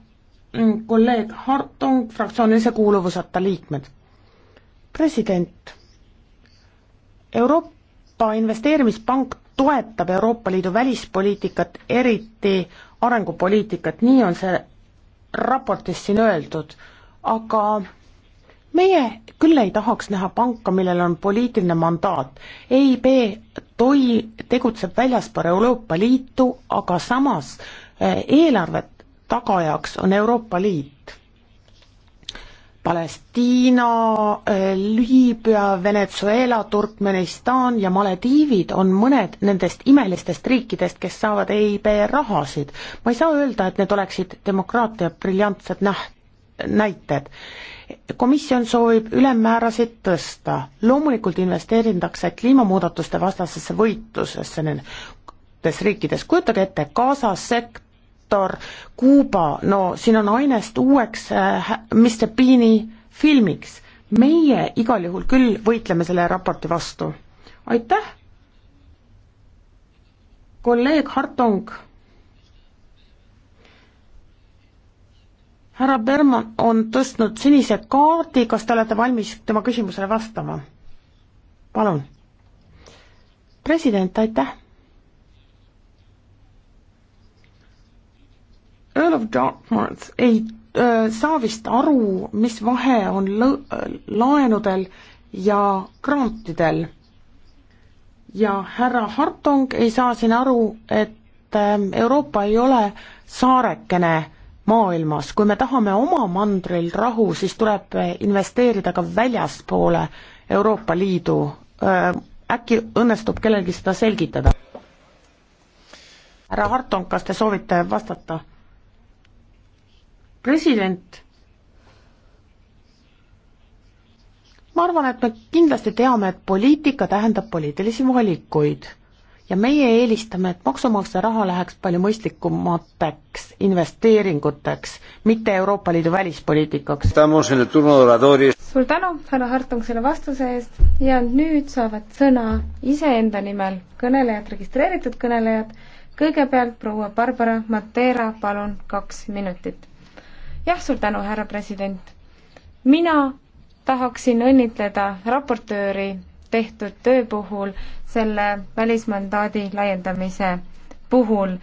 kolleeg Hartung, fraktsioonilise kuuluvuseta liikmed. president, Euroopa Investeerimispank toetab Euroopa Liidu välispoliitikat, eriti arengupoliitikat, nii on see raportis siin öeldud, aga meie küll ei tahaks näha panka, millel on poliitiline mandaat. EIB toi-, tegutseb väljaspool Euroopa Liitu, aga samas eh, eelarvet tagajaks on Euroopa Liit Palestiina, eh, Liibüa, Venezuela, Turkmenistan ja Malediivid on mõned nendest imelistest riikidest, kes saavad EIB rahasid. ma ei saa öelda, et need oleksid demokraatia briljantsed näht-, näited. komisjon soovib ülemmäärasid tõsta, loomulikult investeeritakse kliimamuudatuste vastasesse võitlusesse nendes riikides, kujutage ette, Gaza sekt-, diktor Kuuba, no siin on ainest uueks äh, Mr Bean'i filmiks. meie igal juhul küll võitleme selle raporti vastu. aitäh, kolleeg Hartong. härra Berman on tõstnud sinise kaardi, kas te olete valmis tema küsimusele vastama? palun. president, aitäh Earl of Dartmouth ei öö, äh, saa vist aru, mis vahe on laenudel ja grantidel. ja härra Hartong ei saa siin aru, et öö, ähm, Euroopa ei ole saarekene maailmas, kui me tahame oma mandril rahu, siis tuleb investeerida ka väljaspoole Euroopa Liidu. Äh, äkki õnnestub kellelgi seda selgitada? härra Hartong, kas te soovite vastata? president, ma arvan, et me kindlasti teame, et poliitika tähendab poliitilisi valikuid ja meie eelistame, et maksumaksja raha läheks palju mõistlikumateks investeeringuteks, mitte Euroopa Liidu välispoliitikaks. suur tänu, härra Hartung, selle vastuse eest ja nüüd saavad sõna iseenda nimel kõnelejad, registreeritud kõnelejad, kõigepealt proua Barbara Matera, palun kaks minutit jah, suur tänu, härra president. mina tahaksin õnnitleda raportööri tehtud töö puhul selle välismandaadi laiendamise puhul.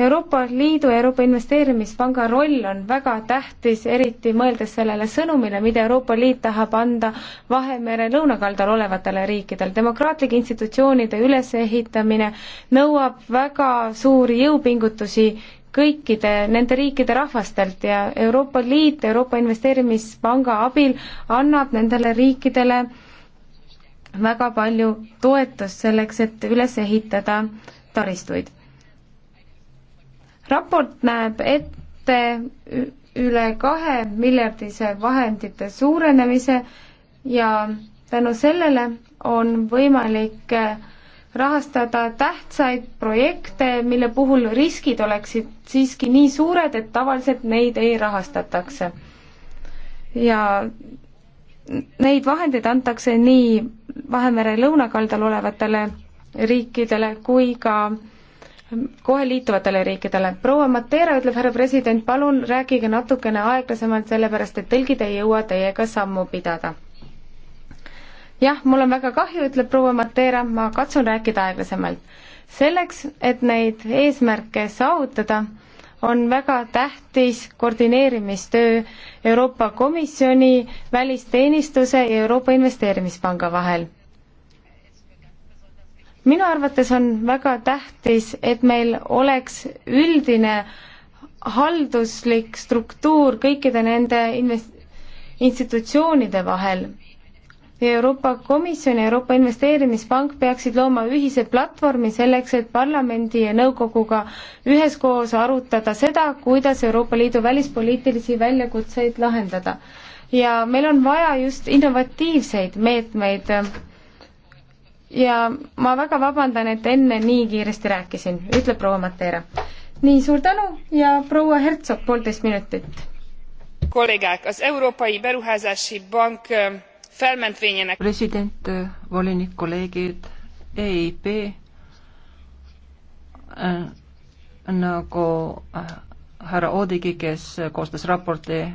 Euroopa Liidu ja Euroopa Investeerimispanga roll on väga tähtis, eriti mõeldes sellele sõnumile, mida Euroopa Liit tahab anda Vahemere lõunakaldal olevatele riikidele. demokraatlike institutsioonide ülesehitamine nõuab väga suuri jõupingutusi kõikide nende riikide rahvastelt ja Euroopa Liit Euroopa Investeerimispanga abil annab nendele riikidele väga palju toetust selleks, et üles ehitada taristuid. raport näeb ette üle kahe miljardise vahendite suurenemise ja tänu sellele on võimalik äh, rahastada tähtsaid projekte, mille puhul riskid oleksid siiski nii suured, et tavaliselt neid ei rahastatakse. ja neid vahendeid antakse nii Vahemere lõunakaldal olevatele riikidele kui ka kohe liituvatele riikidele. proua Matera ütleb, härra president, palun rääkige natukene aeglasemalt, sellepärast et tõlgid ei jõua teiega sammu pidada jah, mul on väga kahju, ütleb proua Mateera, ma katsun rääkida aeglasemalt. selleks, et neid eesmärke saavutada, on väga tähtis koordineerimistöö Euroopa Komisjoni, välisteenistuse ja Euroopa Investeerimispanga vahel. minu arvates on väga tähtis, et meil oleks üldine halduslik struktuur kõikide nende invest-, institutsioonide vahel Euroopa Komisjon ja Euroopa Investeerimispank peaksid looma ühise platvormi selleks, et parlamendi ja nõukoguga üheskoos arutada seda, kuidas Euroopa Liidu välispoliitilisi väljakutseid lahendada. ja meil on vaja just innovatiivseid meetmeid ja ma väga vabandan, et enne nii kiiresti rääkisin, ütleb proua Mateera. nii, suur tänu ja proua Hertsog, poolteist minutit. kolleegid, kas Euroopa Beruhäsashi Pank felmentvényének. president, volinik, kolleegid, EIP nagu härra Oodigi, kes koostas raporti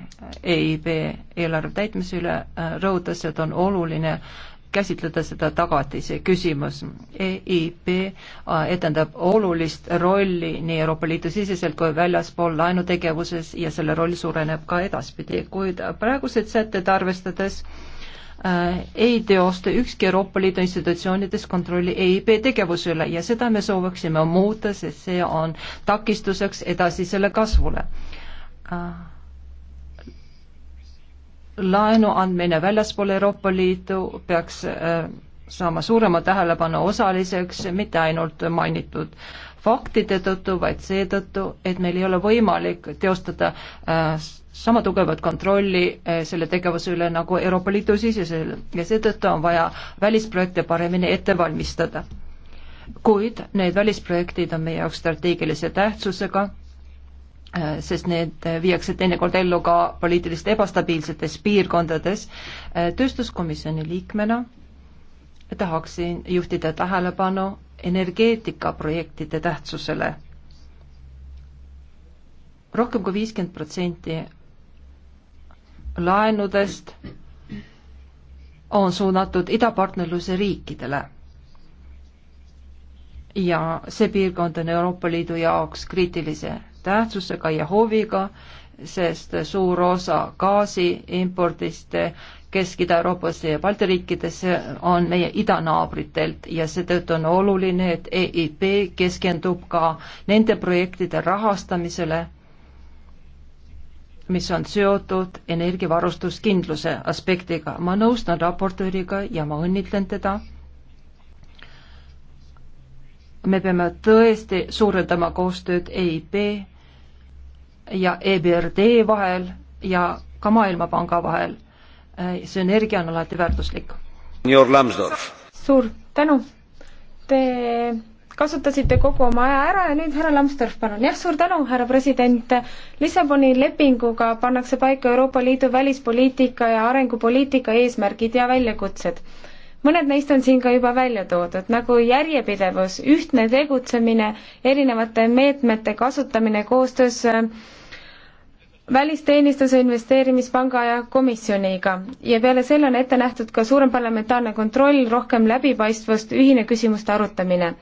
EIB eelarve täitmise üle, rõhutas, et on oluline käsitleda seda tagatise küsimus. EIB etendab olulist rolli nii Euroopa Liidu siseselt kui väljaspool laenutegevuses ja selle roll suureneb ka edaspidi, kuid praegused sätted arvestades äh, Äh, ei teosta ükski Euroopa Liidu institutsioonides kontrolli EIB tegevuse üle ja seda me sooviksime muuta, sest see on takistuseks edasisele kasvule. Äh, laenu andmine väljaspool Euroopa Liitu peaks äh, saama suurema tähelepanu osaliseks mitte ainult mainitud äh, faktide tõttu, vaid seetõttu, et meil ei ole võimalik teostada äh, sama tugevat kontrolli äh, selle tegevuse üle nagu Euroopa Liidu sisesel ja seetõttu on vaja välisprojekte paremini ette valmistada. kuid need välisprojektid on meie jaoks strateegilise tähtsusega, äh, sest need viiakse teinekord ellu ka poliitiliselt ebastabiilsetes piirkondades. tööstuskomisjoni liikmena tahaksin juhtida tähelepanu energeetikaprojektide tähtsusele. rohkem kui viiskümmend protsenti laenudest on suunatud idapartnerluse riikidele. ja see piirkond on Euroopa Liidu jaoks kriitilise tähtsusega ja hooviga, sest suur osa gaasi impordist Kesk-Ida-Euroopasse ja Balti riikidesse, on meie idanaabritelt ja seetõttu on oluline, et EIP keskendub ka nende projektide rahastamisele, mis on seotud energiavarustuskindluse aspektiga. ma nõustun raportööriga ja ma õnnitlen teda. me peame tõesti suurendama koostööd EIP ja EBRD vahel ja ka Maailmapanga vahel Äh, sünergia on alati väärtuslik. suur tänu. Te kasutasite kogu oma aja ära ja nüüd härra Lambsdorff, palun. jah, suur tänu, härra president. Lissaboni lepinguga pannakse paika Euroopa Liidu välispoliitika ja arengupoliitika eesmärgid ja väljakutsed. mõned neist on siin ka juba välja toodud, nagu järjepidevus, ühtne tegutsemine, erinevate meetmete kasutamine koostöös äh, välisteenistuse investeerimispanga ja komisjoniga ja peale selle on ette nähtud ka suurem parlamentaarne kontroll, rohkem läbipaistvust, ühine küsimuste arutamine.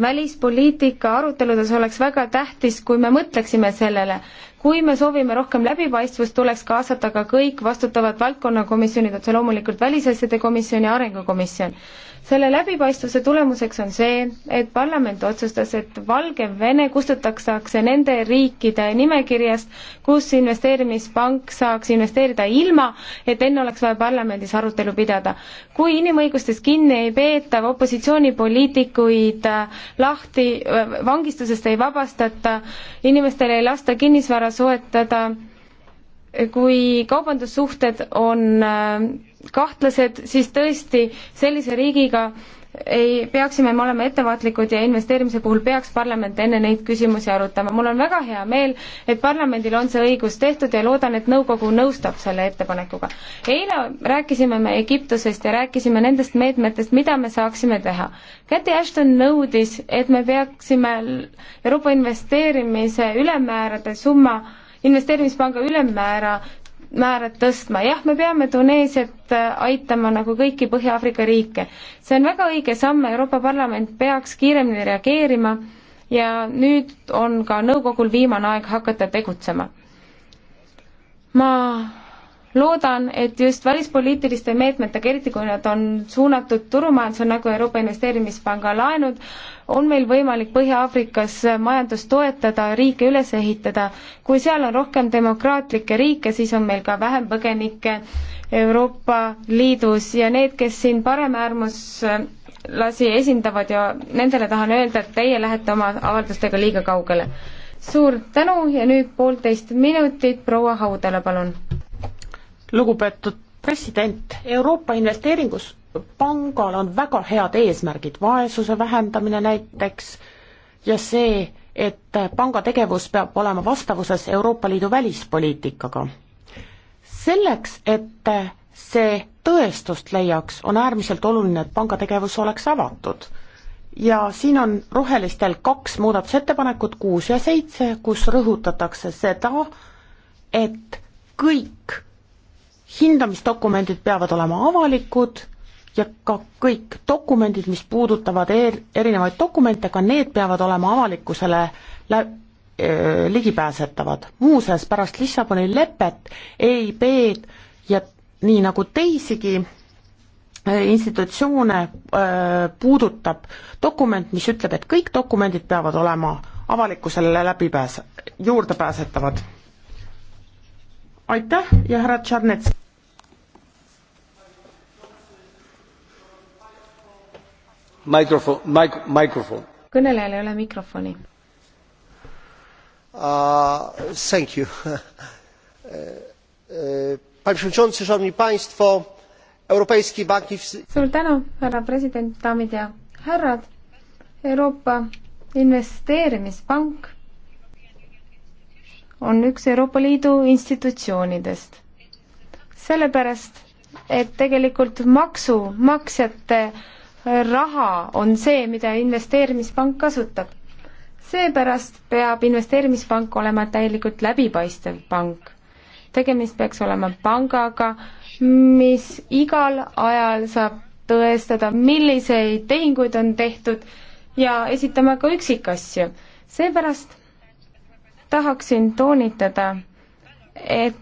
välispoliitika aruteludes oleks väga tähtis, kui me mõtleksime sellele, kui me soovime rohkem läbipaistvust, tuleks kaasata ka kõik vastutavad valdkonnakomisjonid, otse loomulikult Välisasjade Komisjon ja Arengukomisjon selle läbipaistvuse tulemuseks on see, et parlament otsustas, et Valgevene kustutatakse nende riikide nimekirjast, kus investeerimispank saaks investeerida ilma, et enne oleks vaja parlamendis arutelu pidada. kui inimõigustest kinni ei peeta, opositsioonipoliitikuid äh, lahti, äh, vangistusest ei vabastata, inimestele ei lasta kinnisvara soetada, kui kaubandussuhted on äh, kahtlased, siis tõesti sellise riigiga ei, peaksime me olema ettevaatlikud ja investeerimise puhul peaks parlament enne neid küsimusi arutama. mul on väga hea meel, et parlamendil on see õigus tehtud ja loodan, et nõukogu nõustab selle ettepanekuga. eile rääkisime me Egiptusest ja rääkisime nendest meetmetest, mida me saaksime teha. Käti Ashton nõudis, et me peaksime Euroopa investeerimise ülemäärade summa investeerimispanga ülemmäära määrad tõstma, jah, me peame Tuneesiat äh, aitama nagu kõiki Põhja-Aafrika riike. see on väga õige samm, Euroopa Parlament peaks kiiremini reageerima ja nüüd on ka nõukogul viimane aeg hakata tegutsema. ma loodan, et just välispoliitiliste meetmetega, eriti kui nad on suunatud turumajandusele, nagu Euroopa Investeerimispanga laenud, on meil võimalik Põhja-Aafrikas majandust toetada, riike üles ehitada. kui seal on rohkem demokraatlikke riike, siis on meil ka vähem põgenikke Euroopa Liidus ja need, kes siin paremäärmuslasi esindavad ja nendele tahan öelda, et teie lähete oma avaldustega liiga kaugele. suur tänu ja nüüd poolteist minutit, proua Haudala, palun! lugupeetud president, Euroopa Investeeringupangal on väga head eesmärgid, vaesuse vähendamine näiteks ja see, et panga tegevus peab olema vastavuses Euroopa Liidu välispoliitikaga. selleks, et see tõestust leiaks, on äärmiselt oluline, et panga tegevus oleks avatud. ja siin on rohelistel kaks muudatusettepanekut, kuus ja seitse, kus rõhutatakse seda, et kõik hindamisdokumendid peavad olema avalikud ja ka kõik dokumendid, mis puudutavad er, erinevaid dokumente, ka need peavad olema avalikkusele lä-, äh, ligipääsetavad. muuseas, pärast Lissaboni lepet EIB-d ja nii nagu teisigi institutsioone äh, puudutab dokument, mis ütleb, et kõik dokumendid peavad olema avalikkusele läbipääs-, juurdepääsetavad aitäh ja härra Tšarnets. mikrofon, mik-, mikrofon. kõnelejal ei ole mikrofoni uh, uh, uh, panie przewodniczący! szanowni państwo! europejski bank inwestycyjny. euroopa investeerimispank on üks Euroopa Liidu institutsioonidest. sellepärast, et tegelikult maksumaksjate raha on see, mida investeerimispank kasutab. seepärast peab investeerimispank olema täielikult läbipaistev pank. tegemist peaks olema pangaga, mis igal ajal saab tõestada, milliseid tehinguid on tehtud ja esitama ka üksikasju. seepärast tahaksin toonitada, et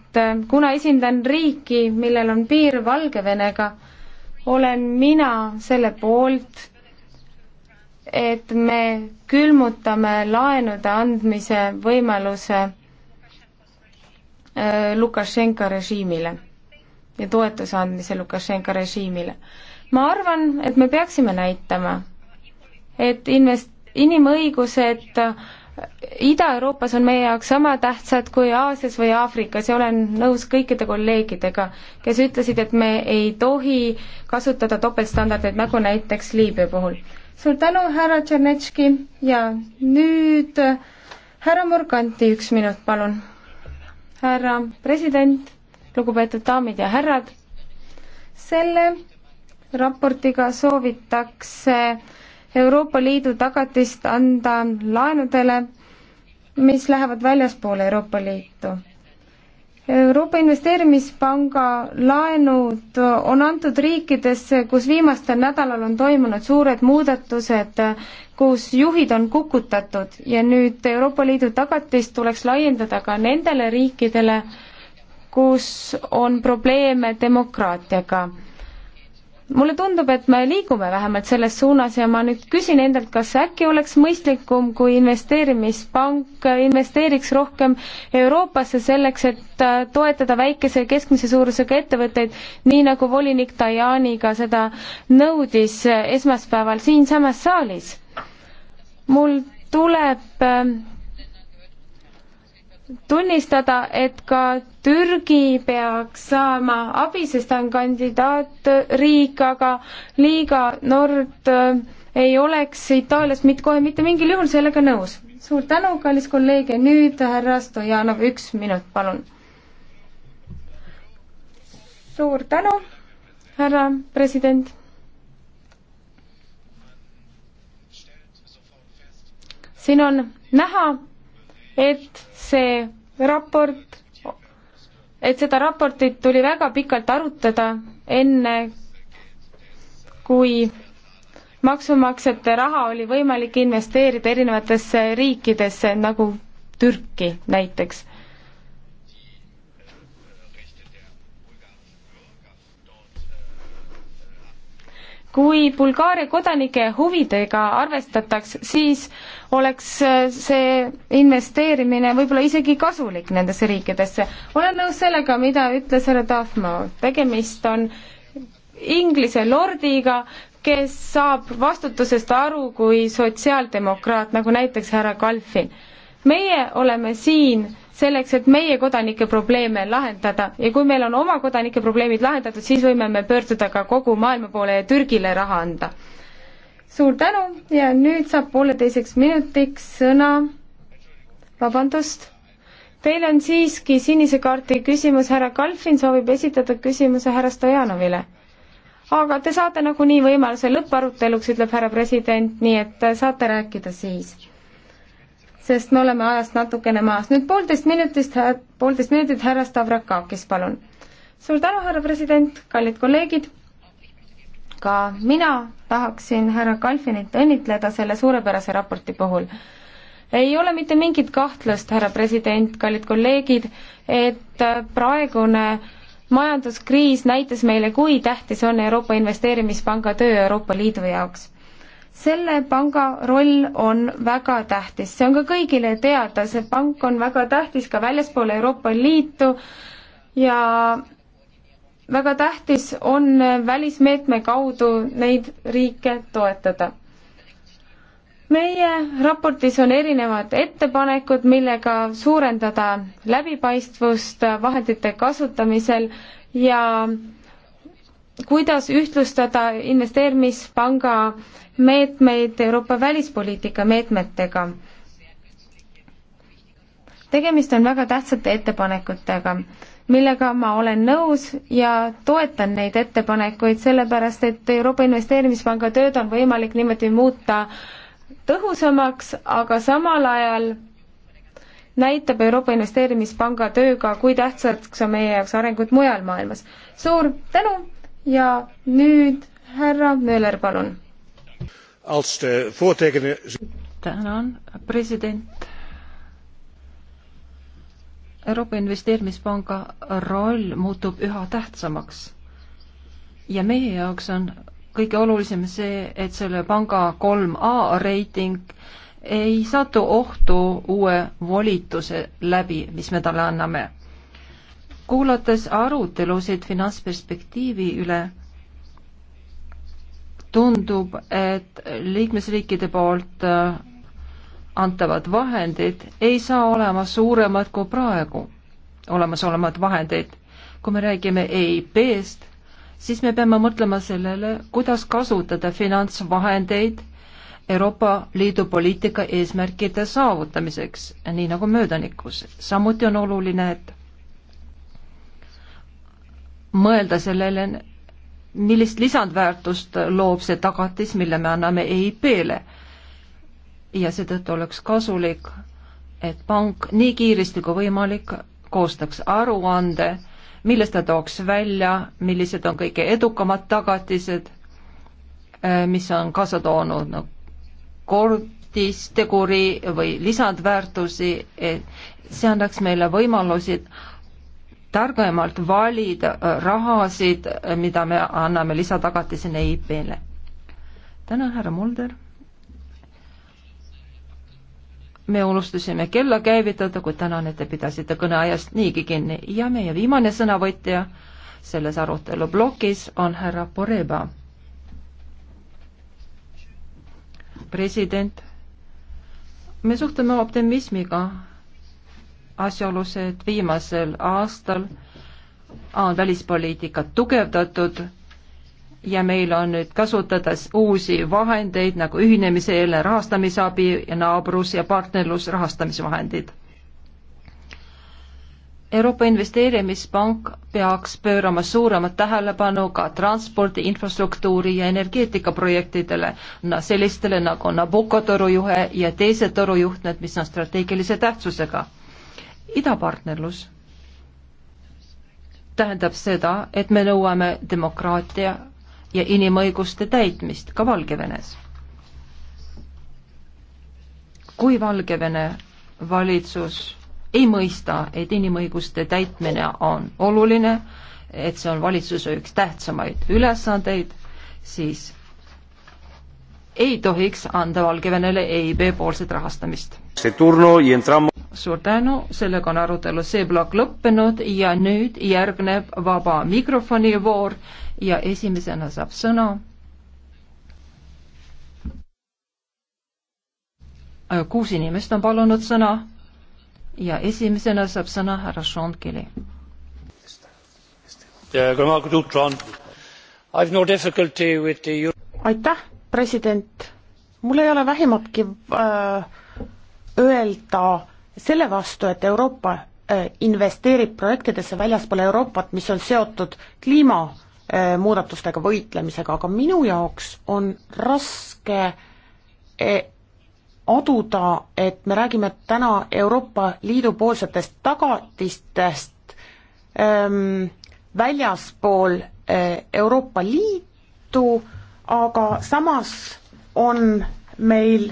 kuna esindan riiki, millel on piir Valgevenega, olen mina selle poolt, et me külmutame laenude andmise võimaluse äh, Lukašenka režiimile ja toetuse andmise Lukašenka režiimile. ma arvan, et me peaksime näitama, et invest-, inimõigused Ida-Euroopas on meie jaoks sama tähtsad kui Aasias või Aafrikas ja olen nõus kõikide kolleegidega, kes ütlesid, et me ei tohi kasutada topeltstandardeid, nagu näiteks Liibüa puhul. suur tänu, härra Tšernetški ja nüüd härra Morganti, üks minut, palun. härra president, lugupeetud daamid ja härrad, selle raportiga soovitakse äh, Euroopa Liidu tagatist anda laenudele, mis lähevad väljaspoole Euroopa Liitu. Euroopa Investeerimispanga laenud on antud riikidesse, kus viimastel nädalal on toimunud suured muudatused, kus juhid on kukutatud ja nüüd Euroopa Liidu tagatist tuleks laiendada ka nendele riikidele, kus on probleeme demokraatiaga mulle tundub, et me liigume vähemalt selles suunas ja ma nüüd küsin endalt, kas äkki oleks mõistlikum, kui investeerimispank investeeriks rohkem Euroopasse selleks, et äh, toetada väikese ja keskmise suurusega ettevõtteid, nii nagu volinik Tajani ka seda nõudis äh, esmaspäeval siinsamas saalis. mul tuleb äh, tunnistada, et ka Türgi peaks saama abi, sest ta on kandidaatriik, aga Liiga Nord äh, ei oleks Itaalias mitte kohe mitte mingil juhul sellega nõus. suur tänu, kallis kolleeg ja nüüd härra Stojanov, üks minut, palun. suur tänu, härra president siin on näha, et see raport, et seda raportit tuli väga pikalt arutada, enne kui maksumaksjate raha oli võimalik investeerida erinevatesse riikidesse, nagu Türki näiteks. kui Bulgaaria kodanike huvidega arvestataks, siis oleks äh, see investeerimine võib-olla isegi kasulik nendesse riikidesse. olen nõus sellega, mida ütles härra Tahmo, tegemist on Inglise lordiga, kes saab vastutusest aru kui sotsiaaldemokraat, nagu näiteks härra Kalfin. meie oleme siin selleks, et meie kodanike probleeme lahendada ja kui meil on oma kodanike probleemid lahendatud, siis võime me pöörduda ka kogu maailma poole ja Türgile raha anda suur tänu ja nüüd saab pooleteiseks minutiks sõna, vabandust, teil on siiski sinise kaardi küsimus, härra Kalfin soovib esitada küsimuse härra Stojanovile. aga te saate nagunii võimaluse lõpparuteluks, ütleb härra president, nii et saate rääkida siis. sest me oleme ajast natukene maas. nüüd poolteist minutist, poolteist minutit härra Stavrakakis, palun. suur tänu, härra president, kallid kolleegid ka mina tahaksin härra Kalfinit õnnitleda selle suurepärase raporti puhul. ei ole mitte mingit kahtlust, härra president, kallid kolleegid, et praegune majanduskriis näitas meile, kui tähtis on Euroopa Investeerimispanga töö Euroopa Liidu jaoks. selle panga roll on väga tähtis, see on ka kõigile teada, see pank on väga tähtis ka väljaspool Euroopa Liitu ja väga tähtis on välismeetme kaudu neid riike toetada. meie raportis on erinevad ettepanekud, millega suurendada läbipaistvust vahendite kasutamisel ja kuidas ühtlustada investeerimispanga meetmeid Euroopa välispoliitika meetmetega. tegemist on väga tähtsate ettepanekutega millega ma olen nõus ja toetan neid ettepanekuid, sellepärast et Euroopa Investeerimispanga tööd on võimalik niimoodi muuta tõhusamaks, aga samal ajal näitab Euroopa Investeerimispanga tööga, kui tähtsaks on meie jaoks arengud mujal maailmas. suur tänu ja nüüd härra Möller, palun. tänan, president Euroopa Investeerimispanga roll muutub üha tähtsamaks ja meie jaoks on kõige olulisem see, et selle panga kolm A reiting ei satu ohtu uue volituse läbi, mis me talle anname. kuulates arutelusid finantsperspektiivi üle, tundub, et liikmesriikide poolt äh, antavad vahendid ei saa olema suuremad kui praegu olemasolevad vahendid. kui me räägime EIB-st, siis me peame mõtlema sellele, kuidas kasutada finantsvahendeid Euroopa Liidu poliitika eesmärkide saavutamiseks, nii nagu möödanikus. samuti on oluline, et mõelda sellele, millist lisandväärtust loob see tagatis, mille me anname EIB-le ja seetõttu oleks kasulik, et pank nii kiiresti kui võimalik koostaks aruande, millest ta tooks välja, millised on kõige edukamad tagatised, äh, mis on kaasa toonud no, kordisteguri või lisandväärtusi, et see annaks meile võimalusi targemalt valida äh, rahasid, äh, mida me anname lisatagatisena EIP-le. tänan, härra Mulder me unustasime kella käivitada, kuid tänan, et te pidasite kõneajast niigi kinni ja meie viimane sõnavõtja selles arutelu plokis on härra Poreba. president, me suhtume optimismiga asjaolus, et viimasel aastal on välispoliitikat tugevdatud ja meil on nüüd kasutades uusi vahendeid nagu ühinemise eel rahastamisabi ja naabrus- ja partnerlusrahastamisvahendid. Euroopa Investeerimispank peaks pöörama suuremat tähelepanu ka transpordi, infrastruktuuri ja energeetikaprojektidele, sellistele nagu Nabucco torujuhe ja teised torujuhtmed, mis on strateegilise tähtsusega. idapartnerlus tähendab seda, et me nõuame demokraatia ja inimõiguste täitmist ka Valgevenes. kui Valgevene valitsus ei mõista, et inimõiguste täitmine on oluline, et see on valitsuse üks tähtsamaid ülesandeid, siis ei tohiks anda Valgevenele EIB poolset rahastamist. suur tänu, sellega on arutelu see plokk lõppenud ja nüüd järgneb vaba mikrofoni voor ja esimesena saab sõna kuus inimest on palunud sõna ja esimesena saab sõna härra Sean Kelly. aitäh, president. mul ei ole vähimatki äh, öelda selle vastu, et Euroopa äh, investeerib projektidesse väljaspool Euroopat, mis on seotud kliima äh, Äh, muudatustega võitlemisega, aga minu jaoks on raske eh, aduda, et me räägime täna Euroopa Liidu poolsetest tagatistest ähm, väljaspool äh, Euroopa Liitu, aga samas on meil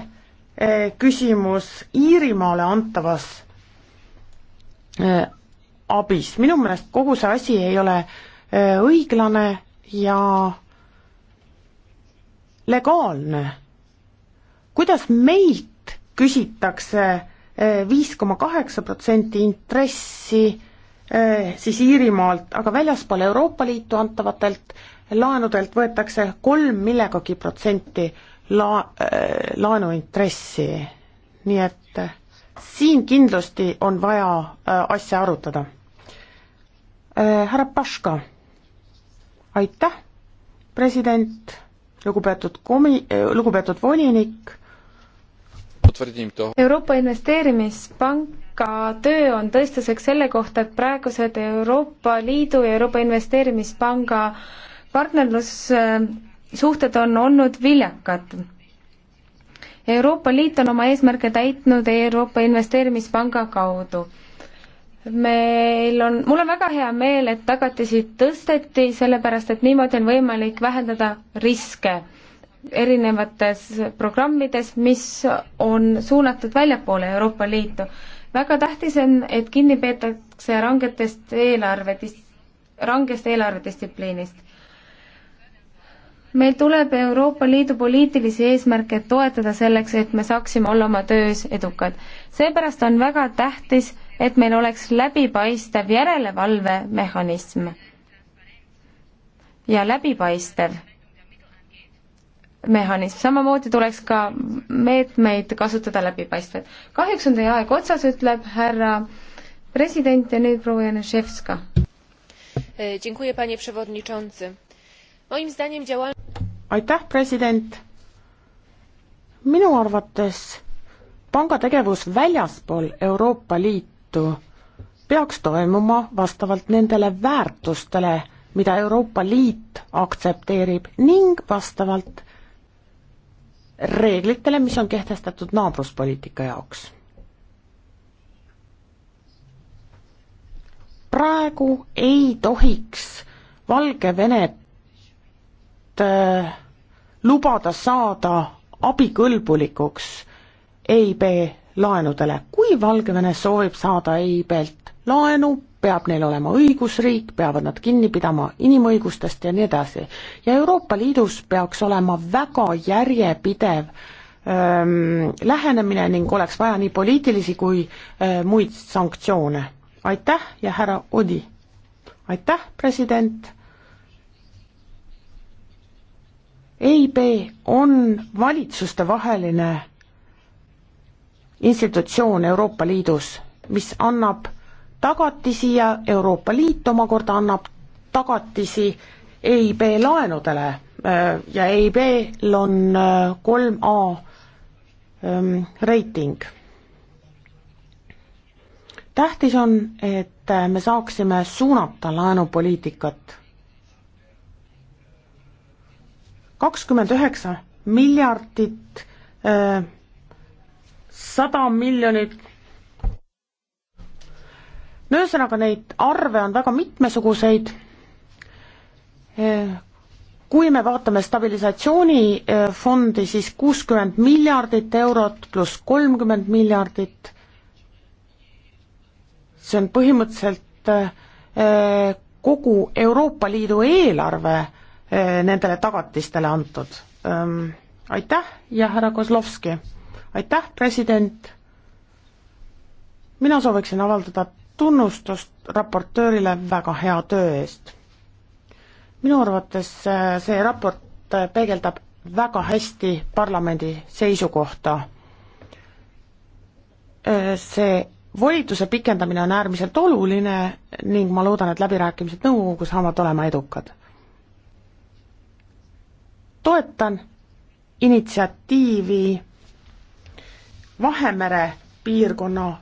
äh, küsimus Iirimaale antavas äh, abis, minu meelest kogu see asi ei ole äh, Äh, õiglane ja legaalne. kuidas meilt küsitakse äh, viis koma kaheksa protsenti intressi äh, siis Iirimaalt, aga väljaspool Euroopa Liitu antavatelt laenudelt võetakse kolm millegagi protsenti la-, laenuintressi. nii et siin kindlasti on vaja asja arutada. härra Paška aitäh, president, lugupeetud komi-, eh, lugupeetud volinik. Euroopa Investeerimispanka töö on tõestuseks selle kohta, et praegused Euroopa Liidu ja Euroopa Investeerimispanga partnerlussuhted on olnud viljakad Euroopa Liit on oma eesmärke täitnud Euroopa Investeerimispanga kaudu meil on, mul on väga hea meel, et tagatisid tõsteti, sellepärast et niimoodi on võimalik vähendada riske erinevates programmides, mis on suunatud väljapoole Euroopa Liitu. väga tähtis on, et kinni peetakse rangetest eelarvedis-, rangest eelarvedistsipliinist meil tuleb Euroopa Liidu poliitilisi eesmärke toetada selleks, et me saaksime olla oma töös edukad. seepärast on väga tähtis, et meil oleks läbipaistev järelevalvemehhanism ja läbipaistev mehhanism, samamoodi tuleks ka meetmeid kasutada läbipaistvalt. kahjuks on teie aeg otsas, ütleb härra president ja nüüd proua Januševska. Eh, aitäh, president! minu arvates panga tegevus väljaspool Euroopa Liitu Liitu peaks toimuma vastavalt nendele väärtustele, mida Euroopa Liit aktsepteerib ning vastavalt reeglitele, mis on kehtestatud naabruspoliitika jaoks. praegu ei tohiks Valgevenet äh, lubada saada abikõlbulikuks EIB laenudele. kui Valgevene soovib saada EIB-lt laenu, peab neil olema õigusriik, peavad nad kinni pidama inimõigustest ja nii edasi. ja Euroopa Liidus peaks olema väga järjepidev ähm, lähenemine ning oleks vaja nii poliitilisi kui äh, muid sanktsioone. aitäh ja härra Odi! aitäh, president! EIB on valitsustevaheline institutsioon Euroopa Liidus, mis annab tagatisi ja Euroopa Liit omakorda annab tagatisi EIB laenudele äh, ja EIB-l on äh, kolm A ähm, reiting. tähtis on, et äh, me saaksime suunata laenupoliitikat. kakskümmend üheksa miljardit sada miljonit. no ühesõnaga, neid arve on väga mitmesuguseid. E, kui me vaatame stabilisatsioonifondi, e, siis kuuskümmend miljardit eurot pluss kolmkümmend miljardit, see on põhimõtteliselt e, kogu Euroopa Liidu eelarve nendele tagatistele antud. Ehm, aitäh ja härra Kozlovski! aitäh, president! mina sooviksin avaldada tunnustust raportöörile väga hea töö eest. minu arvates äh, see raport äh, peegeldab väga hästi parlamendi seisukohta. Äh, see volituse pikendamine on äärmiselt oluline ning ma loodan, et läbirääkimised nõukogus saavad olema edukad. toetan initsiatiivi Vahemere piirkonna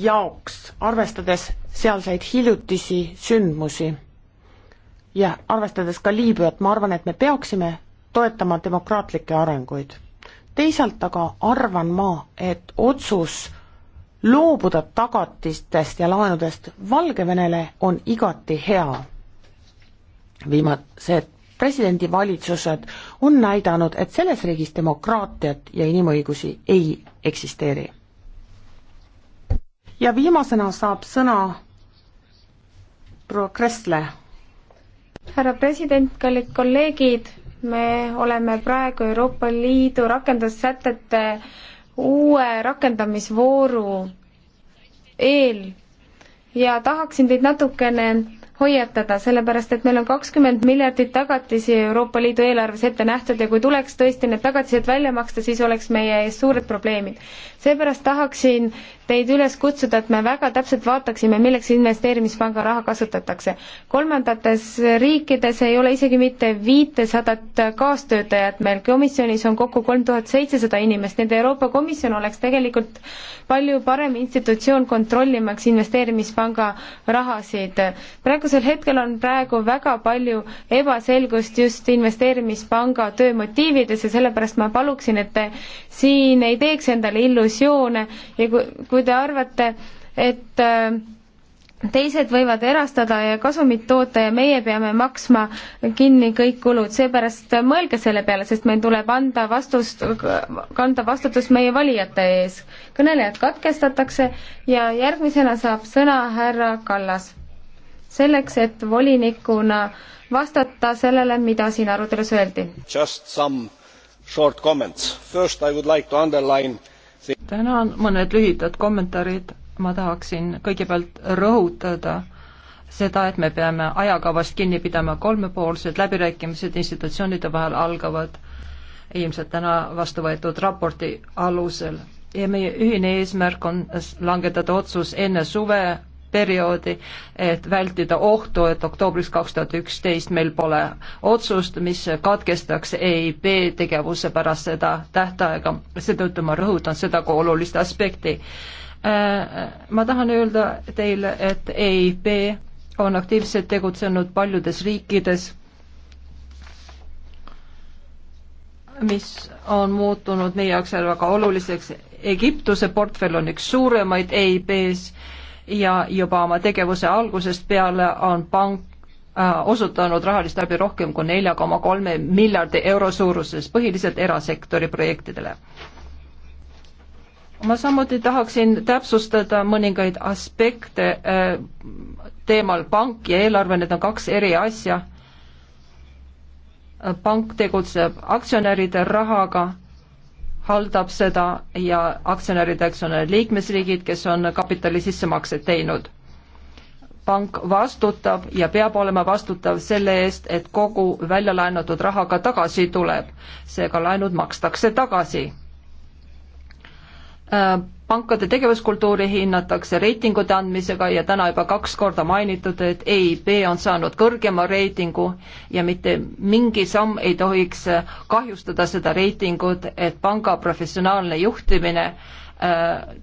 jaoks, arvestades sealseid hiljutisi sündmusi ja arvestades ka Liibüat, ma arvan, et me peaksime toetama demokraatlikke arenguid. teisalt aga arvan ma, et otsus loobuda tagatistest ja laenudest Valgevenele on igati hea. viimased presidendivalitsused on näidanud, et selles riigis demokraatiat ja inimõigusi ei eksisteeri. ja viimasena saab sõna proua Kressle. härra president, kallid kolleegid, me oleme praegu Euroopa Liidu rakendussätete uue rakendamisvooru eel ja tahaksin teid natukene hoiatada, sellepärast et meil on kakskümmend miljardit tagatisi Euroopa Liidu eelarves ette nähtud ja kui tuleks tõesti need tagatised välja maksta, siis oleks meie ees suured probleemid. seepärast tahaksin teid üles kutsuda, et me väga täpselt vaataksime, milleks investeerimispanga raha kasutatakse. kolmandates riikides ei ole isegi mitte viitesadat kaastöötajat meil, komisjonis on kokku kolm tuhat seitsesada inimest, nii et Euroopa Komisjon oleks tegelikult palju parem institutsioon kontrollimaks investeerimispanga rahasid. praegusel praegusel hetkel on praegu väga palju ebaselgust just investeerimispanga töö motiivides ja sellepärast ma paluksin, et te siin ei teeks endale illusioone ja kui, kui te arvate, et äh, teised võivad erastada ja kasumit toota ja meie peame maksma kinni kõik kulud, seepärast mõelge selle peale, sest meil tuleb anda vastust, kanda vastutust meie valijate ees. kõnelejad katkestatakse ja järgmisena saab sõna härra Kallas selleks, et volinikuna vastata sellele, mida siin arutelus öeldi. Like the... tänan, mõned lühidad kommentaarid. ma tahaksin kõigepealt rõhutada seda, et me peame ajakavast kinni pidama, kolmepoolsed läbirääkimised institutsioonide vahel algavad ilmselt täna vastu võetud raporti alusel ja meie ühine eesmärk on langetada otsus enne suve perioodi, et vältida ohtu, et oktoobris kaks tuhat üksteist meil pole otsust, mis katkestaks EIB tegevuse pärast seda tähtaega. seetõttu ma rõhutan seda kui olulist aspekti. Äh, ma tahan öelda teile, et EIB on aktiivselt tegutsenud paljudes riikides mis on muutunud meie jaoks väga oluliseks. Egiptuse portfell on üks suuremaid EIB-s ja juba oma tegevuse algusest peale on pank äh, osutanud rahalist abi rohkem kui nelja koma kolme miljardi euro suuruses, põhiliselt erasektori projektidele. ma samuti tahaksin täpsustada mõningaid aspekte äh, teemal pank ja eelarve, need on kaks eri asja. pank tegutseb aktsionäride rahaga haldab seda ja aktsionärideks on liikmesriigid, kes on kapitali sissemakseid teinud. pank vastutab ja peab olema vastutav selle eest, et kogu välja laenatud raha ka tagasi tuleb. seega laenud makstakse tagasi Äh, pankade tegevuskultuuri hinnatakse reitingute andmisega ja täna juba kaks korda mainitud, et EIB on saanud kõrgema reitingu ja mitte mingi samm ei tohiks äh, kahjustada seda reitingut, et panga professionaalne juhtimine äh,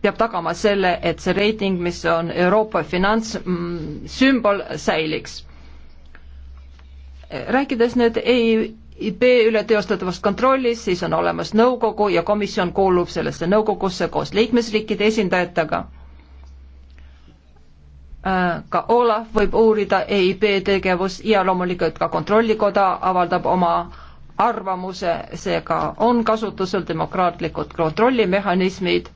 peab tagama selle, et see reiting, mis on Euroopa finantssümbol, mm, säiliks. Äh, rääkides nüüd EIB IP üle teostatavast kontrollist, siis on olemas nõukogu ja komisjon kuulub sellesse nõukogusse koos liikmesriikide esindajatega. Äh, ka Olav võib uurida EIB tegevust ja loomulikult ka Kontrollikoda avaldab oma arvamuse, seega on kasutusel demokraatlikud kontrollimehhanismid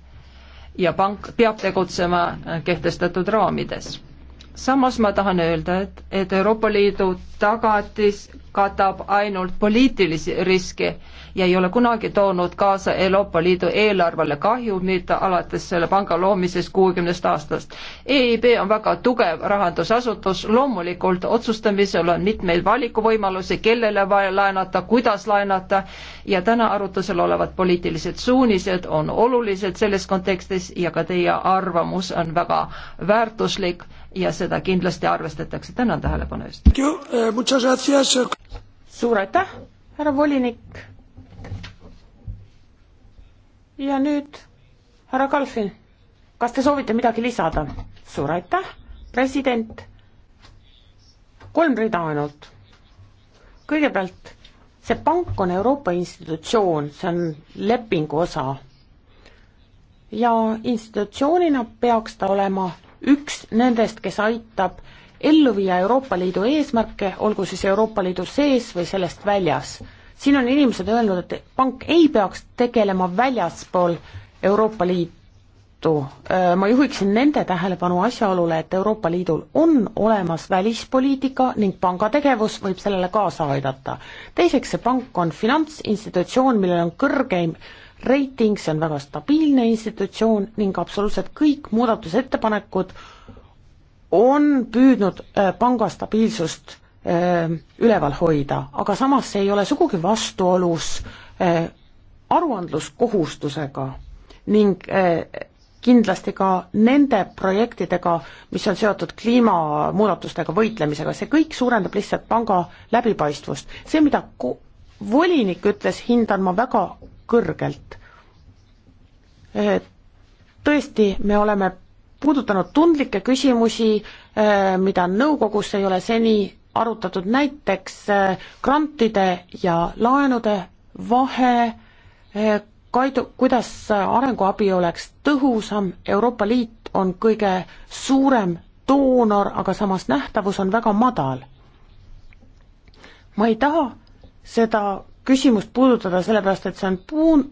ja pank peab tegutsema äh, kehtestatud raamides. samas ma tahan öelda, et, et Euroopa Liidu tagatis katab ainult poliitilisi riske ja ei ole kunagi toonud kaasa Euroopa Liidu eelarvele kahjumit alates selle panga loomisest kuuekümnest aastast. EIB on väga tugev rahandusasutus, loomulikult otsustamisel on mitmeid valikuvõimalusi, kellele vaja laenata, kuidas laenata ja täna arutusel olevad poliitilised suunised on olulised selles kontekstis ja ka teie arvamus on väga väärtuslik ja seda kindlasti arvestatakse. tänan tähelepanu eest. Eh, eh. suur aitäh, härra volinik. ja nüüd härra Kalfin, kas te soovite midagi lisada? suur aitäh, president. kolm rida ainult. kõigepealt, see pank on Euroopa institutsioon, see on lepingu osa ja institutsioonina peaks ta olema üks nendest, kes aitab ellu viia Euroopa Liidu eesmärke, olgu siis Euroopa Liidu sees või sellest väljas. siin on inimesed öelnud, et pank ei peaks tegelema väljaspool Euroopa Liitu. ma juhiksin nende tähelepanu asjaolule, et Euroopa Liidul on olemas välispoliitika ning panga tegevus võib sellele kaasa aidata. teiseks, see pank on finantsinstitutsioon, millel on kõrgeim äh, reiting, see on väga stabiilne institutsioon ning absoluutselt kõik muudatusettepanekud on püüdnud äh, panga stabiilsust äh, üleval hoida, aga samas see ei ole sugugi vastuolus äh, aruandluskohustusega ning kindlasti ka nende projektidega, mis on seotud kliimamuudatustega võitlemisega, see kõik suurendab lihtsalt panga läbipaistvust. see, mida volinik ütles, hindan ma väga kõrgelt. Eh, tõesti, me oleme puudutanud tundlikke küsimusi, eh, mida nõukogus ei ole seni arutatud, näiteks eh, grantide ja laenude vahe, kaidu-, kuidas arenguabi oleks tõhusam, Euroopa Liit on kõige suurem doonor, aga samas nähtavus on väga madal. ma ei taha seda küsimust puudutada, sellepärast et see on puun-,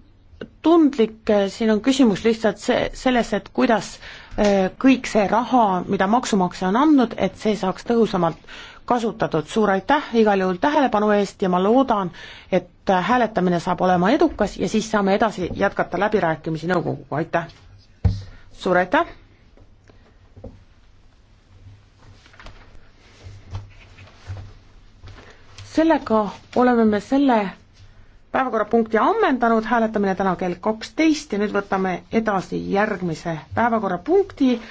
tundlik, äh, siin on küsimus lihtsalt see, selles, et kuidas äh, kõik see raha, mida maksumaksja on andnud, et see saaks tõhusamalt kasutatud, suur aitäh igal juhul tähelepanu eest ja ma loodan, et äh, hääletamine saab olema edukas ja siis saame edasi jätkata läbirääkimisi nõukoguga, aitäh! suur aitäh! sellega oleme me selle päevakorrapunkti ammendanud, hääletamine täna kell kaksteist ja nüüd võtame edasi järgmise päevakorrapunkti.